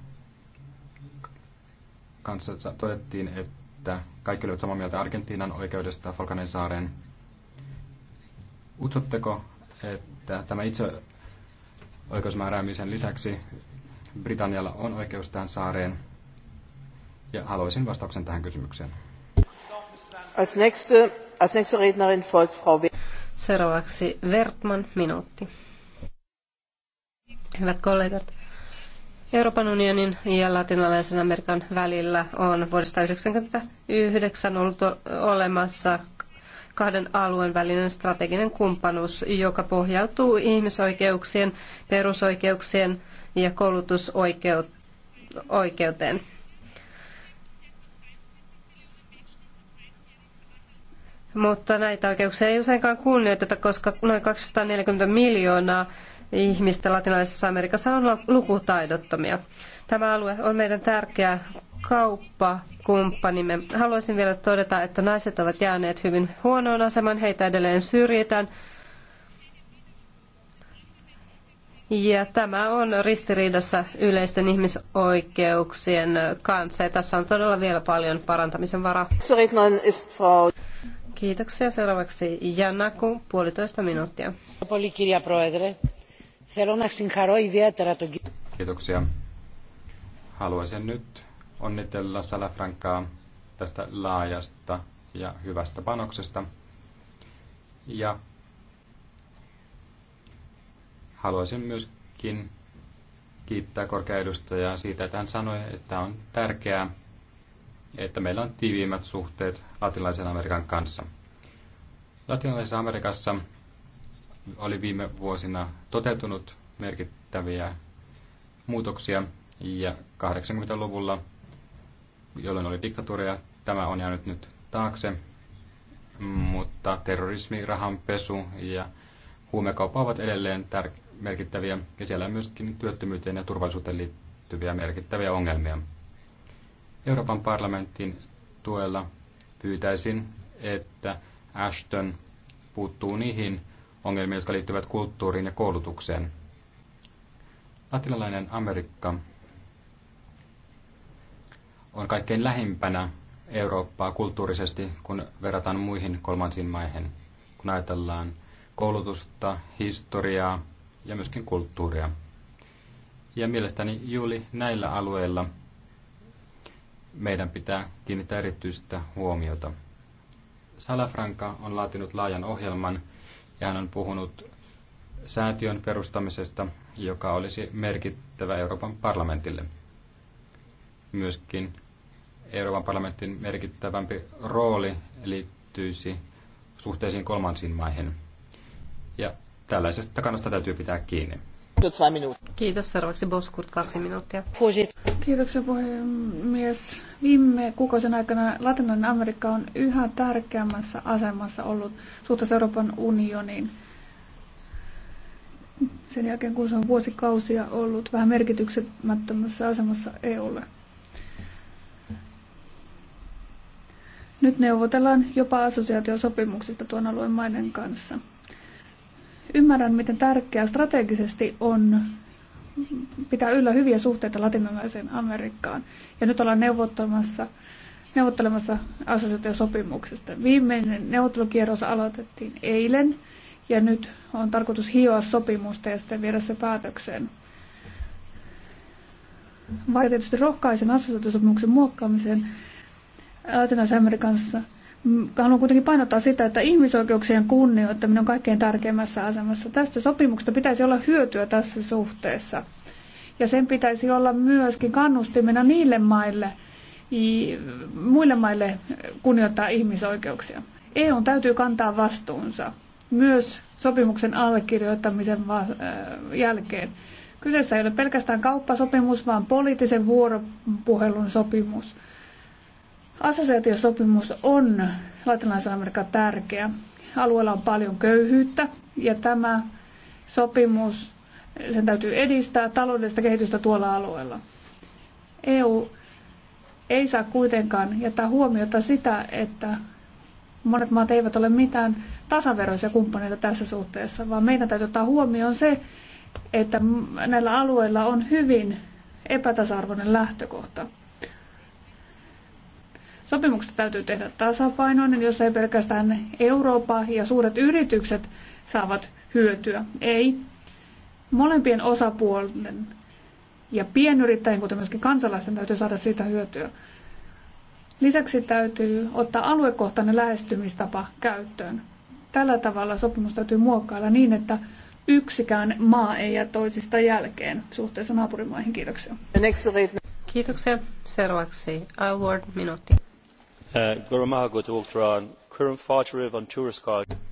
kanssa todettiin, että kaikki olivat samaa mieltä Argentiinan oikeudesta Falkanen saareen. Utsotteko, että tämä itse oikeusmääräämisen lisäksi Britannialla on oikeus tähän saareen? Ja haluaisin vastauksen tähän kysymykseen. Seuraavaksi Wertman, minuutti. Hyvät kollegat, Euroopan unionin ja latinalaisen Amerikan välillä on vuodesta 1999 ollut olemassa kahden alueen välinen strateginen kumppanuus, joka pohjautuu ihmisoikeuksien, perusoikeuksien ja koulutusoikeuteen mutta näitä oikeuksia ei useinkaan kunnioiteta, koska noin 240 miljoonaa ihmistä latinalaisessa Amerikassa on lukutaidottomia. Tämä alue on meidän tärkeä kauppakumppanimme. Haluaisin vielä todeta, että naiset ovat jääneet hyvin huonoon asemaan, heitä edelleen syrjitään. Ja tämä on ristiriidassa yleisten ihmisoikeuksien kanssa ja tässä on todella vielä paljon parantamisen varaa. Kiitoksia. Seuraavaksi Janaku, puolitoista minuuttia. Kiitoksia. Haluaisin nyt onnitella Salafrankaa tästä laajasta ja hyvästä panoksesta. Ja haluaisin myöskin kiittää korkeaedustajaa siitä, että hän sanoi, että on tärkeää, että meillä on tiiviimmät suhteet latinalaisen Amerikan kanssa. Latinalaisessa Amerikassa oli viime vuosina toteutunut merkittäviä muutoksia ja 80-luvulla, jolloin oli diktatuuria, tämä on jäänyt nyt taakse, mutta terrorismi, rahanpesu ja huumekauppa ovat edelleen tär- merkittäviä ja siellä on myöskin työttömyyteen ja turvallisuuteen liittyviä merkittäviä ongelmia. Euroopan parlamentin tuella pyytäisin, että Ashton puuttuu niihin ongelmiin, jotka liittyvät kulttuuriin ja koulutukseen. Latinalainen Amerikka on kaikkein lähimpänä Eurooppaa kulttuurisesti, kun verrataan muihin kolmansiin maihin, kun ajatellaan koulutusta, historiaa ja myöskin kulttuuria. Ja mielestäni juuri näillä alueilla – meidän pitää kiinnittää erityistä huomiota. Salafranka on laatinut laajan ohjelman ja hän on puhunut säätiön perustamisesta, joka olisi merkittävä Euroopan parlamentille. Myöskin Euroopan parlamentin merkittävämpi rooli liittyisi suhteisiin kolmansiin maihin. Ja tällaisesta kannasta täytyy pitää kiinni. Kiitos. Seuraavaksi Boskurt, kaksi minuuttia. Kiitoksia puhemies. Viime kuukausien aikana Latinalainen Amerikka on yhä tärkeämmässä asemassa ollut suhteessa Euroopan unioniin. Sen jälkeen, kun se on vuosikausia ollut vähän merkityksettömässä asemassa EUlle. Nyt neuvotellaan jopa assosiaatiosopimuksista tuon alueen maiden kanssa. Ymmärrän, miten tärkeää strategisesti on pitää yllä hyviä suhteita latinalaiseen Amerikkaan. Ja nyt ollaan neuvottelemassa, neuvottelemassa assosiaatiosopimuksesta. Viimeinen neuvottelukierros aloitettiin eilen ja nyt on tarkoitus hioa sopimusta ja sitten viedä se päätökseen. Vaikka tietysti rohkaisen assosiaatiosopimuksen muokkaamiseen Latinalaisen Amerikan kanssa – Mm, haluan kuitenkin painottaa sitä, että ihmisoikeuksien kunnioittaminen on kaikkein tärkeimmässä asemassa. Tästä sopimuksesta pitäisi olla hyötyä tässä suhteessa. Ja sen pitäisi olla myöskin kannustimena niille maille, muille maille kunnioittaa ihmisoikeuksia. on e täytyy kantaa vastuunsa myös sopimuksen allekirjoittamisen äh, jälkeen. Kyseessä ei ole pelkästään kauppasopimus, vaan poliittisen vuoropuhelun sopimus – Assosiaatiosopimus on Latinalaisen Amerikan tärkeä. Alueella on paljon köyhyyttä ja tämä sopimus, sen täytyy edistää taloudellista kehitystä tuolla alueella. EU ei saa kuitenkaan jättää huomiota sitä, että monet maat eivät ole mitään tasaveroisia kumppaneita tässä suhteessa, vaan meidän täytyy ottaa huomioon se, että näillä alueilla on hyvin epätasa-arvoinen lähtökohta. Sopimukset täytyy tehdä tasapainoinen, jossa ei pelkästään Eurooppa ja suuret yritykset saavat hyötyä. Ei. Molempien osapuolten ja pienyrittäjien, kuten myöskin kansalaisten, täytyy saada siitä hyötyä. Lisäksi täytyy ottaa aluekohtainen lähestymistapa käyttöön. Tällä tavalla sopimus täytyy muokkailla niin, että yksikään maa ei jää toisista jälkeen suhteessa naapurimaihin. Kiitoksia. Kiitoksia. Seuraavaksi Award minuutti. Uh,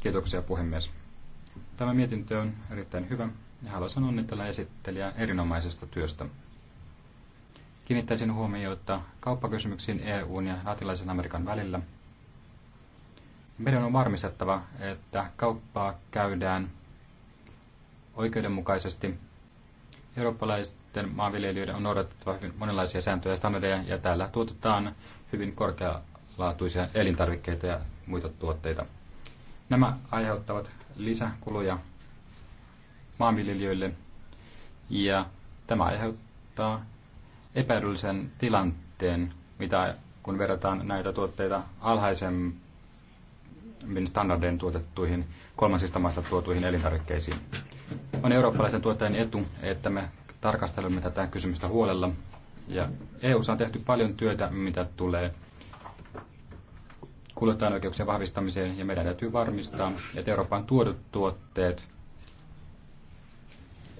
Kiitoksia puhemies. Tämä mietintö on erittäin hyvä ja haluaisin onnitella esittelijää erinomaisesta työstä. Kiinnittäisin huomiota kauppakysymyksiin EUn ja Latinalaisen Amerikan välillä. Meidän on varmistettava, että kauppaa käydään oikeudenmukaisesti. Eurooppalaisten maanviljelijöiden on noudatettava hyvin monenlaisia sääntöjä ja standardeja, ja täällä tuotetaan hyvin korkea laatuisia elintarvikkeita ja muita tuotteita. Nämä aiheuttavat lisäkuluja maanviljelijöille ja tämä aiheuttaa epäedullisen tilanteen, mitä kun verrataan näitä tuotteita alhaisemmin standardeen tuotettuihin kolmansista maista tuotuihin elintarvikkeisiin. On eurooppalaisen tuotteen etu, että me tarkastelemme tätä kysymystä huolella. Ja EU on tehty paljon työtä, mitä tulee kuluttajan oikeuksien vahvistamiseen ja meidän täytyy varmistaa, että Euroopan tuodut tuotteet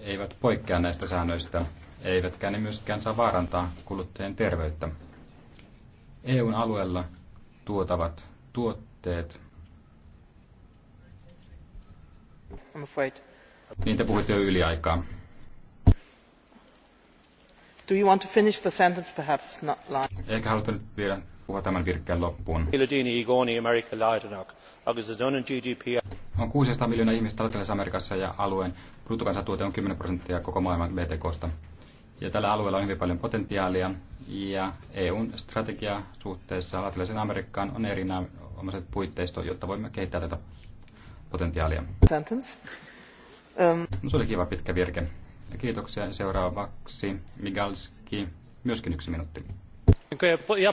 eivät poikkea näistä säännöistä, eivätkä ne myöskään saa vaarantaa kuluttajien terveyttä. EUn alueella tuotavat tuotteet. I'm afraid. Niin te puhuitte jo yliaikaa. Do you want to finish the sentence perhaps? Not Ehkä haluatte nyt vielä puhua tämän virkkeen loppuun. On 600 miljoonaa ihmistä Latinalaisessa Amerikassa ja alueen bruttokansantuote on 10 prosenttia koko maailman BTKsta. Ja tällä alueella on hyvin paljon potentiaalia ja EUn strategia suhteessa Latinalaisen Amerikkaan on erinomaiset puitteisto, jotta voimme kehittää tätä potentiaalia. Sentence. Um. No, se oli kiva pitkä virke. Ja kiitoksia. Seuraavaksi Migalski, myöskin yksi minuutti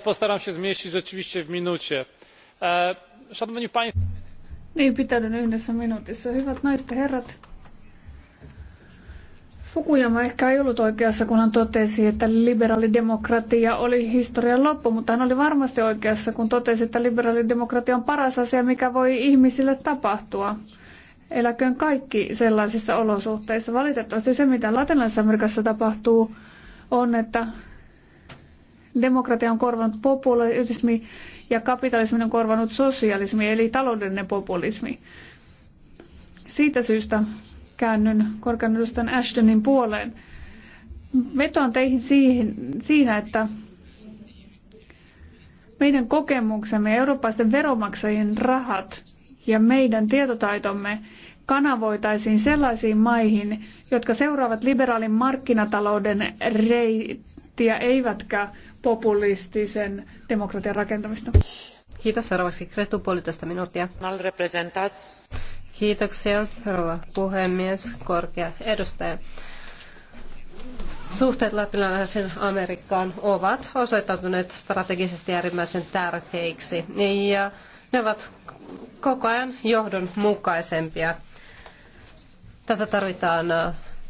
postaram się zmieścić rzeczywiście w minuucie. E, niin pitäydyn yhdessä minuutissa. Hyvät naiset ja herrat, ehkä ei ollut oikeassa, kun hän totesi, että liberaalidemokratia oli historian loppu, mutta hän oli varmasti oikeassa, kun totesi, että liberaalidemokratia on paras asia, mikä voi ihmisille tapahtua. Eläköön kaikki sellaisissa olosuhteissa. Valitettavasti se, mitä Latinalaisessa Amerikassa tapahtuu, on, että Demokratia on korvanut populismi ja kapitalismi on korvanut sosialismi eli taloudellinen populismi. Siitä syystä käännyn korkean edustajan Ashtonin puoleen. Vetoan teihin siihen, siinä, että meidän kokemuksemme ja eurooppalaisten veromaksajien rahat ja meidän tietotaitomme kanavoitaisiin sellaisiin maihin, jotka seuraavat liberaalin markkinatalouden reittiä eivätkä populistisen demokratian rakentamista. Kiitos. Seuraavaksi Kretu puolitoista minuuttia. Kiitoksia, rouva puhemies, korkea edustaja. Suhteet latinalaisen Amerikkaan ovat osoittautuneet strategisesti äärimmäisen tärkeiksi ja ne ovat koko ajan johdonmukaisempia. Tässä tarvitaan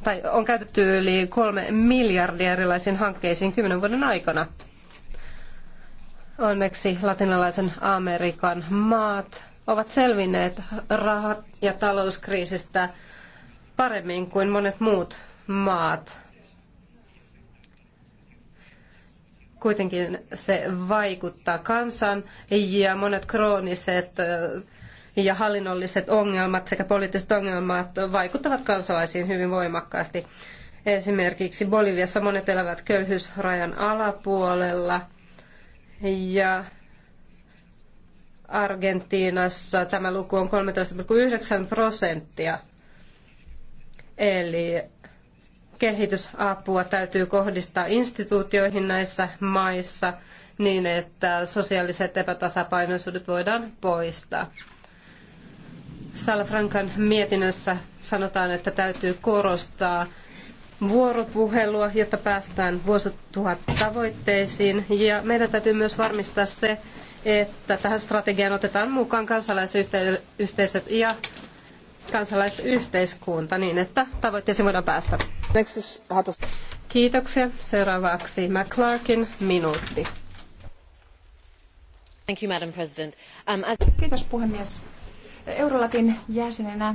tai on käytetty yli kolme miljardia erilaisiin hankkeisiin kymmenen vuoden aikana. Onneksi latinalaisen Amerikan maat ovat selvinneet raha- ja talouskriisistä paremmin kuin monet muut maat. Kuitenkin se vaikuttaa kansaan ja monet krooniset ja hallinnolliset ongelmat sekä poliittiset ongelmat vaikuttavat kansalaisiin hyvin voimakkaasti. Esimerkiksi Boliviassa monet elävät köyhyysrajan alapuolella ja Argentiinassa tämä luku on 13,9 prosenttia. Eli kehitysapua täytyy kohdistaa instituutioihin näissä maissa niin, että sosiaaliset epätasapainoisuudet voidaan poistaa. Salafrankan mietinnössä sanotaan, että täytyy korostaa vuoropuhelua, jotta päästään vuosituhat tavoitteisiin. Ja meidän täytyy myös varmistaa se, että tähän strategiaan otetaan mukaan kansalaisyhteisöt ja kansalaisyhteiskunta niin, että tavoitteisiin voidaan päästä. Kiitoksia. Seuraavaksi McClarkin minuutti. Um, Kiitos puhemies Eurolatin jäsenenä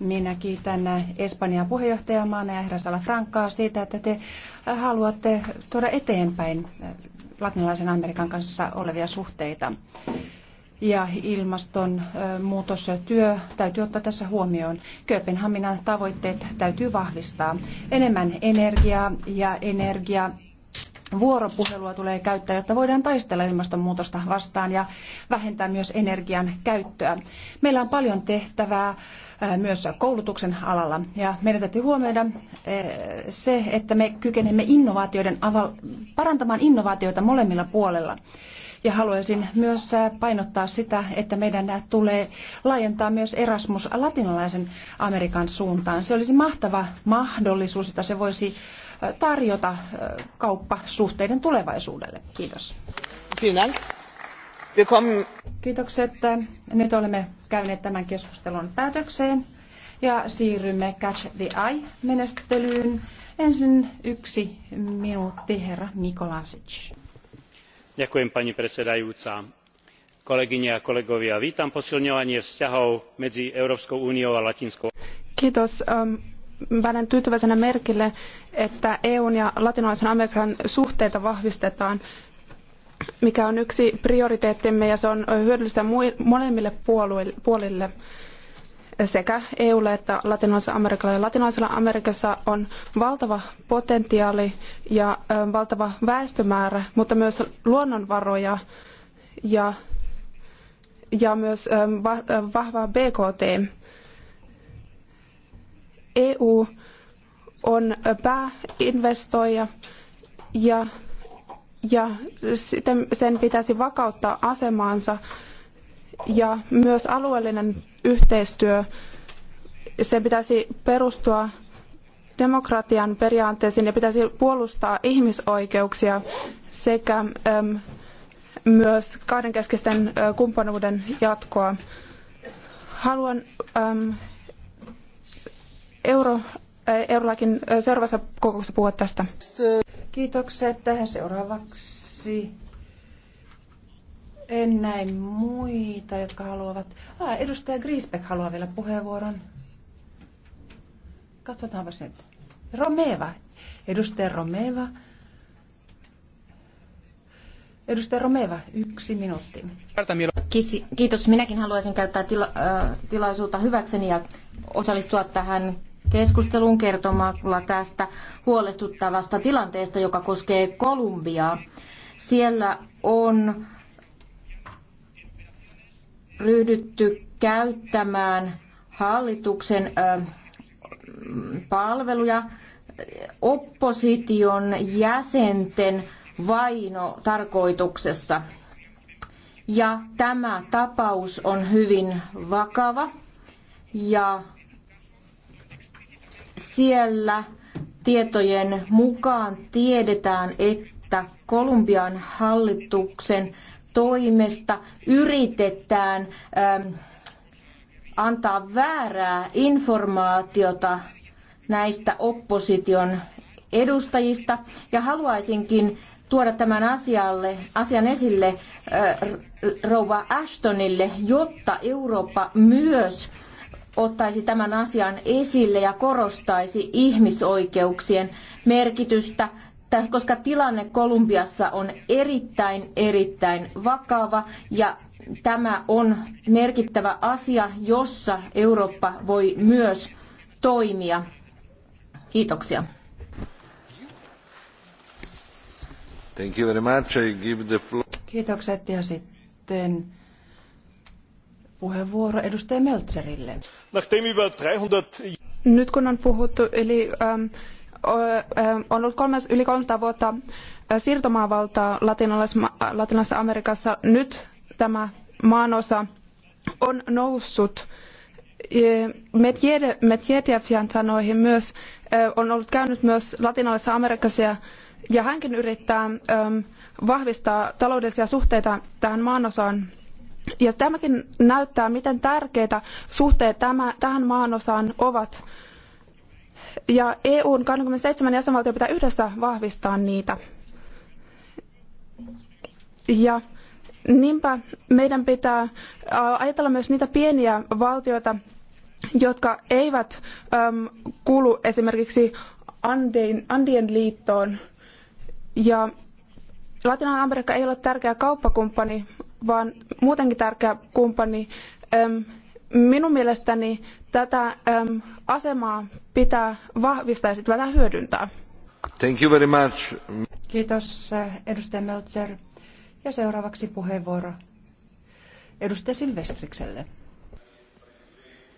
minä kiitän Espanjan puheenjohtajamaana ja herra Salafrancaa siitä, että te haluatte tuoda eteenpäin latinalaisen Amerikan kanssa olevia suhteita. Ja ilmastonmuutostyö täytyy ottaa tässä huomioon. Kööpenhaminan tavoitteet täytyy vahvistaa. Enemmän energiaa ja energia vuoropuhelua tulee käyttää, jotta voidaan taistella ilmastonmuutosta vastaan ja vähentää myös energian käyttöä. Meillä on paljon tehtävää myös koulutuksen alalla ja meidän täytyy huomioida se, että me kykenemme innovaatioiden, parantamaan innovaatioita molemmilla puolella. Ja haluaisin myös painottaa sitä, että meidän tulee laajentaa myös Erasmus latinalaisen Amerikan suuntaan. Se olisi mahtava mahdollisuus, että se voisi tarjota kauppasuhteiden tulevaisuudelle. Kiitos. Kiitokset. Nyt olemme käyneet tämän keskustelun päätökseen ja siirrymme Catch the Eye-menestelyyn. Ensin yksi minuutti, herra Mikolasic. Ďakujem, pani predsedajúca. Kolegyne a kolegovia, vítam posilňovanie vzťahov medzi Európskou úniou a Latinskou. Kiitos. Um panen tyytyväisenä merkille, että EUn ja latinalaisen Amerikan suhteita vahvistetaan, mikä on yksi prioriteettimme ja se on hyödyllistä molemmille puolille sekä EUlle että latinalaisella Amerikalle. Ja latinalaisella Amerikassa on valtava potentiaali ja valtava väestömäärä, mutta myös luonnonvaroja ja, ja myös vahva BKT. EU on pääinvestoija ja, ja sen pitäisi vakauttaa asemaansa ja myös alueellinen yhteistyö, sen pitäisi perustua demokratian periaatteisiin ja pitäisi puolustaa ihmisoikeuksia sekä äm, myös kahdenkeskisten kumppanuuden jatkoa. Haluan äm, euro, äh, Eurolakin äh, seuraavassa kokouksessa puhua tästä. Kiitokset. Seuraavaksi en näe muita, jotka haluavat. Ah, edustaja Griesbeck haluaa vielä puheenvuoron. Katsotaanpa nyt. Romeva. Edustaja Romeva. Edustaja Romeva, yksi minuutti. Kiitos. Minäkin haluaisin käyttää tila- äh, tilaisuutta hyväkseni ja osallistua tähän keskustelun kertomalla tästä huolestuttavasta tilanteesta, joka koskee Kolumbiaa. Siellä on ryhdytty käyttämään hallituksen palveluja opposition jäsenten vaino tarkoituksessa. Ja tämä tapaus on hyvin vakava ja siellä tietojen mukaan tiedetään, että Kolumbian hallituksen toimesta yritetään ähm, antaa väärää informaatiota näistä opposition edustajista ja haluaisinkin tuoda tämän asialle, asian esille äh, rouva Ashtonille, jotta Eurooppa myös ottaisi tämän asian esille ja korostaisi ihmisoikeuksien merkitystä, koska tilanne Kolumbiassa on erittäin, erittäin vakava ja tämä on merkittävä asia, jossa Eurooppa voi myös toimia. Kiitoksia. Thank you very much. I give the floor. Kiitokset ja sitten puheenvuoro edustaja Nyt kun on puhuttu yli, ähm, ähm, on ollut kolme, yli 300 vuotta äh, siirtomaavaltaa äh, Latinalaisessa Amerikassa, nyt tämä maanosa on noussut äh, Medvedevjan sanoihin myös on ollut käynyt myös latinalaisessa Amerikassa ja, ja hänkin yrittää ähm, vahvistaa taloudellisia suhteita tähän maanosaan. Ja tämäkin näyttää, miten tärkeitä suhteet tämä, tähän maanosaan ovat. Ja EUn 27 jäsenvaltio pitää yhdessä vahvistaa niitä. Ja niinpä meidän pitää ajatella myös niitä pieniä valtioita, jotka eivät äm, kuulu esimerkiksi Andien, Andien liittoon. Ja Latinan Amerikka ei ole tärkeä kauppakumppani vaan muutenkin tärkeä kumppani. Minun mielestäni tätä asemaa pitää vahvistaa ja sitten vähän hyödyntää. Thank you very much. Kiitos eh, edustaja Meltzer. Ja seuraavaksi puheenvuoro edustaja Silvestrikselle.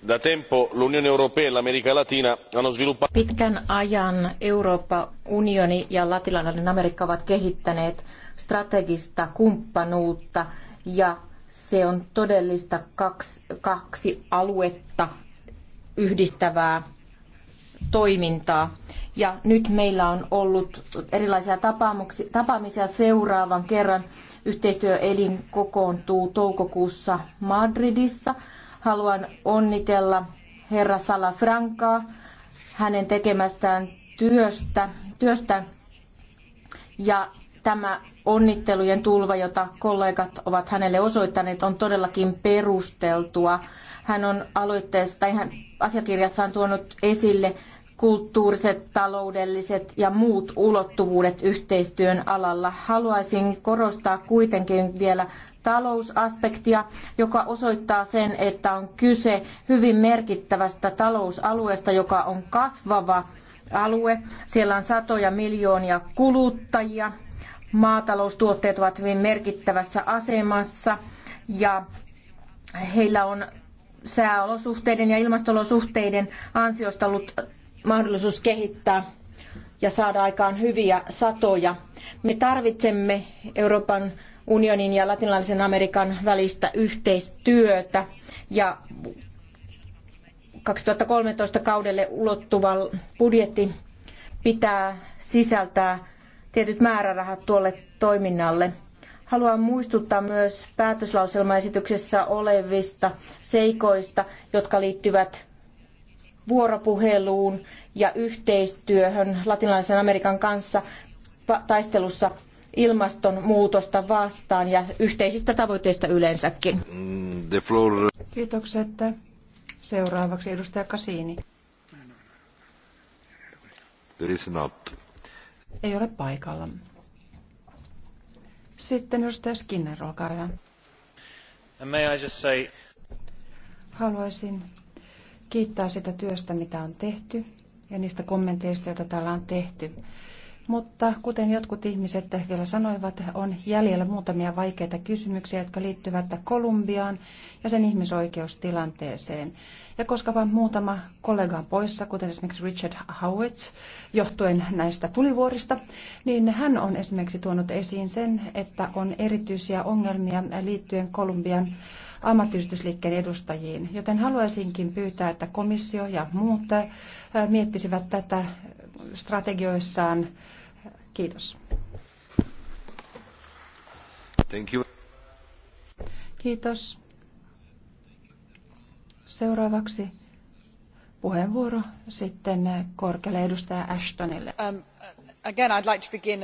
Da tempo l'Unione Europea e l'America Latina hanno sviluppato... Pitkän ajan Eurooppa, unioni ja latinalainen Amerikka ovat kehittäneet strategista kumppanuutta – ja se on todellista kaksi, kaksi aluetta yhdistävää toimintaa. Ja nyt meillä on ollut erilaisia tapaamisia seuraavan kerran. Yhteistyöelin kokoontuu toukokuussa Madridissa. Haluan onnitella herra Frankaa hänen tekemästään työstä, työstä. Ja tämä onnittelujen tulva, jota kollegat ovat hänelle osoittaneet, on todellakin perusteltua. Hän on aloitteessa tai hän asiakirjassaan tuonut esille kulttuuriset, taloudelliset ja muut ulottuvuudet yhteistyön alalla. Haluaisin korostaa kuitenkin vielä talousaspektia, joka osoittaa sen, että on kyse hyvin merkittävästä talousalueesta, joka on kasvava alue. Siellä on satoja miljoonia kuluttajia, maataloustuotteet ovat hyvin merkittävässä asemassa ja heillä on sääolosuhteiden ja ilmastolosuhteiden ansiosta ollut mahdollisuus kehittää ja saada aikaan hyviä satoja. Me tarvitsemme Euroopan unionin ja latinalaisen Amerikan välistä yhteistyötä ja 2013 kaudelle ulottuva budjetti pitää sisältää tietyt määrärahat tuolle toiminnalle. Haluan muistuttaa myös päätöslauselmaesityksessä olevista seikoista, jotka liittyvät vuoropuheluun ja yhteistyöhön latinalaisen Amerikan kanssa taistelussa ilmastonmuutosta vastaan ja yhteisistä tavoitteista yleensäkin. The floor. Kiitokset. Seuraavaksi edustaja Kasiini. There is not ei ole paikalla. Sitten edustaja Skinner, olkaa hyvä. And may I just say... Haluaisin kiittää sitä työstä, mitä on tehty ja niistä kommenteista, joita täällä on tehty. Mutta kuten jotkut ihmiset vielä sanoivat, on jäljellä muutamia vaikeita kysymyksiä, jotka liittyvät Kolumbiaan ja sen ihmisoikeustilanteeseen. Ja koska vain muutama kollega on poissa, kuten esimerkiksi Richard Howitt, johtuen näistä tulivuorista, niin hän on esimerkiksi tuonut esiin sen, että on erityisiä ongelmia liittyen Kolumbian ammattiyhdistysliikkeen edustajiin. Joten haluaisinkin pyytää, että komissio ja muut äh, miettisivät tätä strategioissaan Kiitos. Thank you. Kiitos. Seuraavaksi puheenvuoro sitten korkealle edustaja Ashtonille. Um, again, I'd like to begin...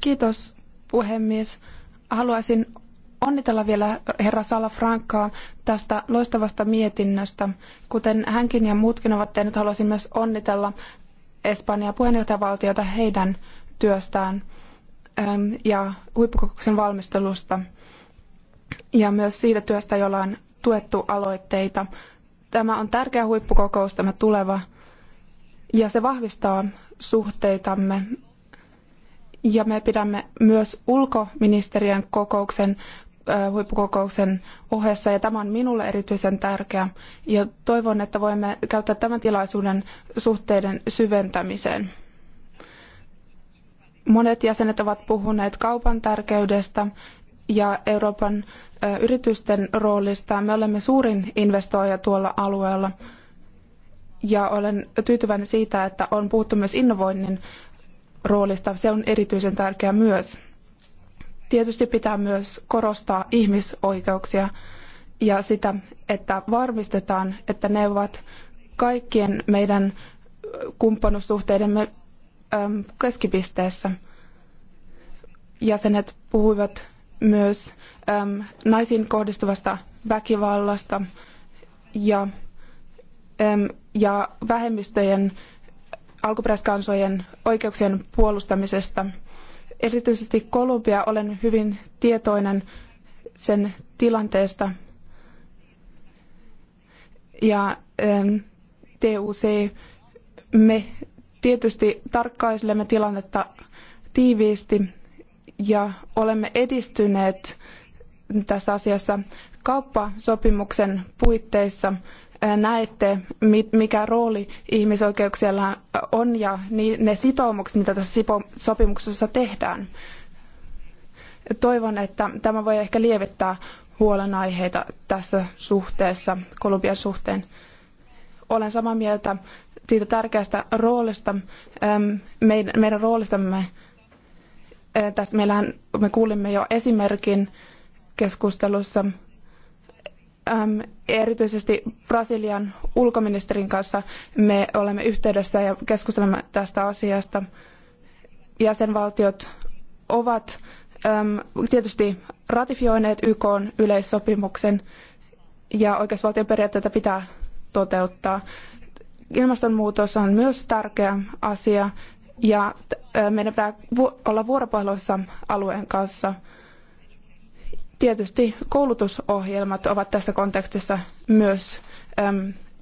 Kiitos puhemies. Haluaisin onnitella vielä herra Salafrancaa tästä loistavasta mietinnöstä. Kuten hänkin ja muutkin ovat tehneet, haluaisin myös onnitella Espanjan puheenjohtajavaltiota heidän työstään ähm, ja huippukokouksen valmistelusta ja myös siitä työstä, jolla on tuettu aloitteita. Tämä on tärkeä huippukokous, tämä tuleva, ja se vahvistaa suhteitamme. Ja me pidämme myös ulkoministerien kokouksen äh, huippukokouksen ohessa, ja tämä on minulle erityisen tärkeä. Ja toivon, että voimme käyttää tämän tilaisuuden suhteiden syventämiseen. Monet jäsenet ovat puhuneet kaupan tärkeydestä ja Euroopan yritysten roolista. Me olemme suurin investoija tuolla alueella ja olen tyytyväinen siitä, että on puhuttu myös innovoinnin roolista. Se on erityisen tärkeää myös. Tietysti pitää myös korostaa ihmisoikeuksia ja sitä, että varmistetaan, että ne ovat kaikkien meidän kumppanuussuhteidemme Ähm, keskipisteessä. Jäsenet puhuivat myös ähm, naisiin kohdistuvasta väkivallasta ja, ähm, ja vähemmistöjen alkuperäiskansojen oikeuksien puolustamisesta. Erityisesti Kolumbia olen hyvin tietoinen sen tilanteesta. Ja TUC, me Tietysti tarkkailemme tilannetta tiiviisti ja olemme edistyneet tässä asiassa kauppasopimuksen puitteissa. Näette, mikä rooli ihmisoikeuksilla on ja ne sitoumukset, mitä tässä sopimuksessa tehdään. Toivon, että tämä voi ehkä lievittää huolenaiheita tässä suhteessa, Kolumbian suhteen. Olen samaa mieltä siitä tärkeästä roolista, ähm, meidän, meidän roolistamme. Äh, tässä meillähän me kuulimme jo esimerkin keskustelussa ähm, erityisesti Brasilian ulkoministerin kanssa me olemme yhteydessä ja keskustelemme tästä asiasta. Jäsenvaltiot ovat ähm, tietysti ratifioineet YK yleissopimuksen ja oikeusvaltioperiaatteita pitää toteuttaa. Ilmastonmuutos on myös tärkeä asia ja meidän pitää olla vuoropuhelussa alueen kanssa. Tietysti koulutusohjelmat ovat tässä kontekstissa myös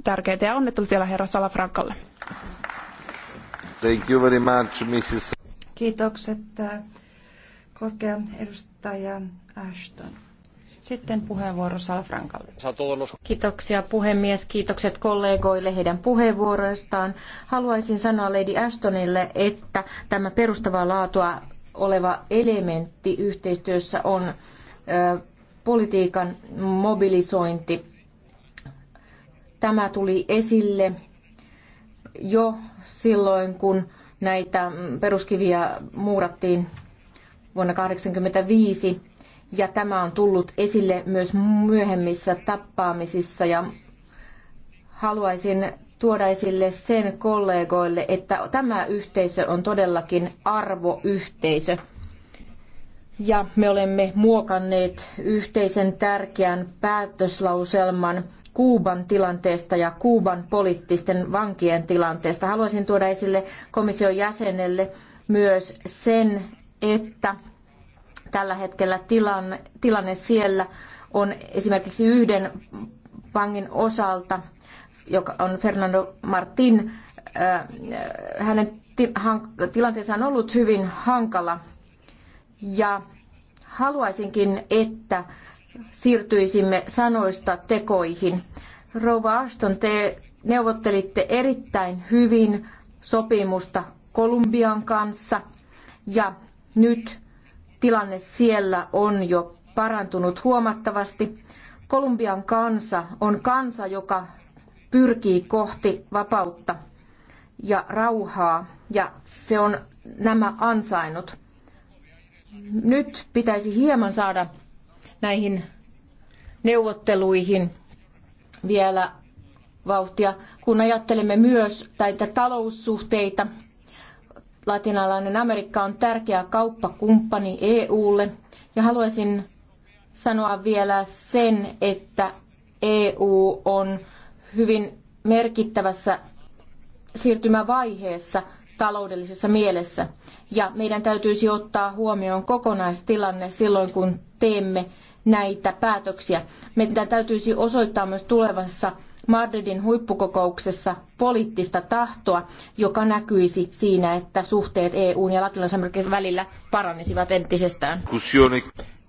tärkeitä ja onnittelut vielä herra Salafrankalle. Thank you very much, Mrs. Kiitokset korkean edustaja Ashton. Sitten puheenvuoro Salafrankalle. Kiitoksia puhemies, kiitokset kollegoille heidän puheenvuoroistaan. Haluaisin sanoa Lady Ashtonille, että tämä perustavaa laatua oleva elementti yhteistyössä on ö, politiikan mobilisointi. Tämä tuli esille jo silloin, kun näitä peruskiviä muurattiin vuonna 1985 ja tämä on tullut esille myös myöhemmissä tappaamisissa ja haluaisin tuoda esille sen kollegoille, että tämä yhteisö on todellakin arvoyhteisö. Ja me olemme muokanneet yhteisen tärkeän päätöslauselman Kuuban tilanteesta ja Kuuban poliittisten vankien tilanteesta. Haluaisin tuoda esille komission jäsenelle myös sen, että Tällä hetkellä tilanne, tilanne siellä on esimerkiksi yhden vangin osalta, joka on Fernando Martin. Hänen tilanteensa on ollut hyvin hankala ja haluaisinkin, että siirtyisimme sanoista tekoihin. Rouva Ashton, te neuvottelitte erittäin hyvin sopimusta Kolumbian kanssa ja nyt tilanne siellä on jo parantunut huomattavasti. Kolumbian kansa on kansa, joka pyrkii kohti vapautta ja rauhaa, ja se on nämä ansainnut. Nyt pitäisi hieman saada näihin neuvotteluihin vielä vauhtia, kun ajattelemme myös näitä taloussuhteita, Latinalainen Amerikka on tärkeä kauppakumppani EUlle ja haluaisin sanoa vielä sen, että EU on hyvin merkittävässä siirtymävaiheessa taloudellisessa mielessä. Ja meidän täytyisi ottaa huomioon kokonaistilanne silloin, kun teemme näitä päätöksiä. Meidän täytyisi osoittaa myös tulevassa Madridin huippukokouksessa poliittista tahtoa, joka näkyisi siinä, että suhteet EUn ja Latinalaisen välillä paranisivat entisestään.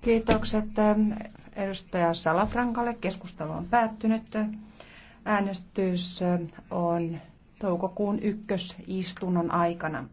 Kiitokset eh, edustaja Salafrankalle. Keskustelu on päättynyt. Äänestys eh, on toukokuun ykkösistunnon aikana.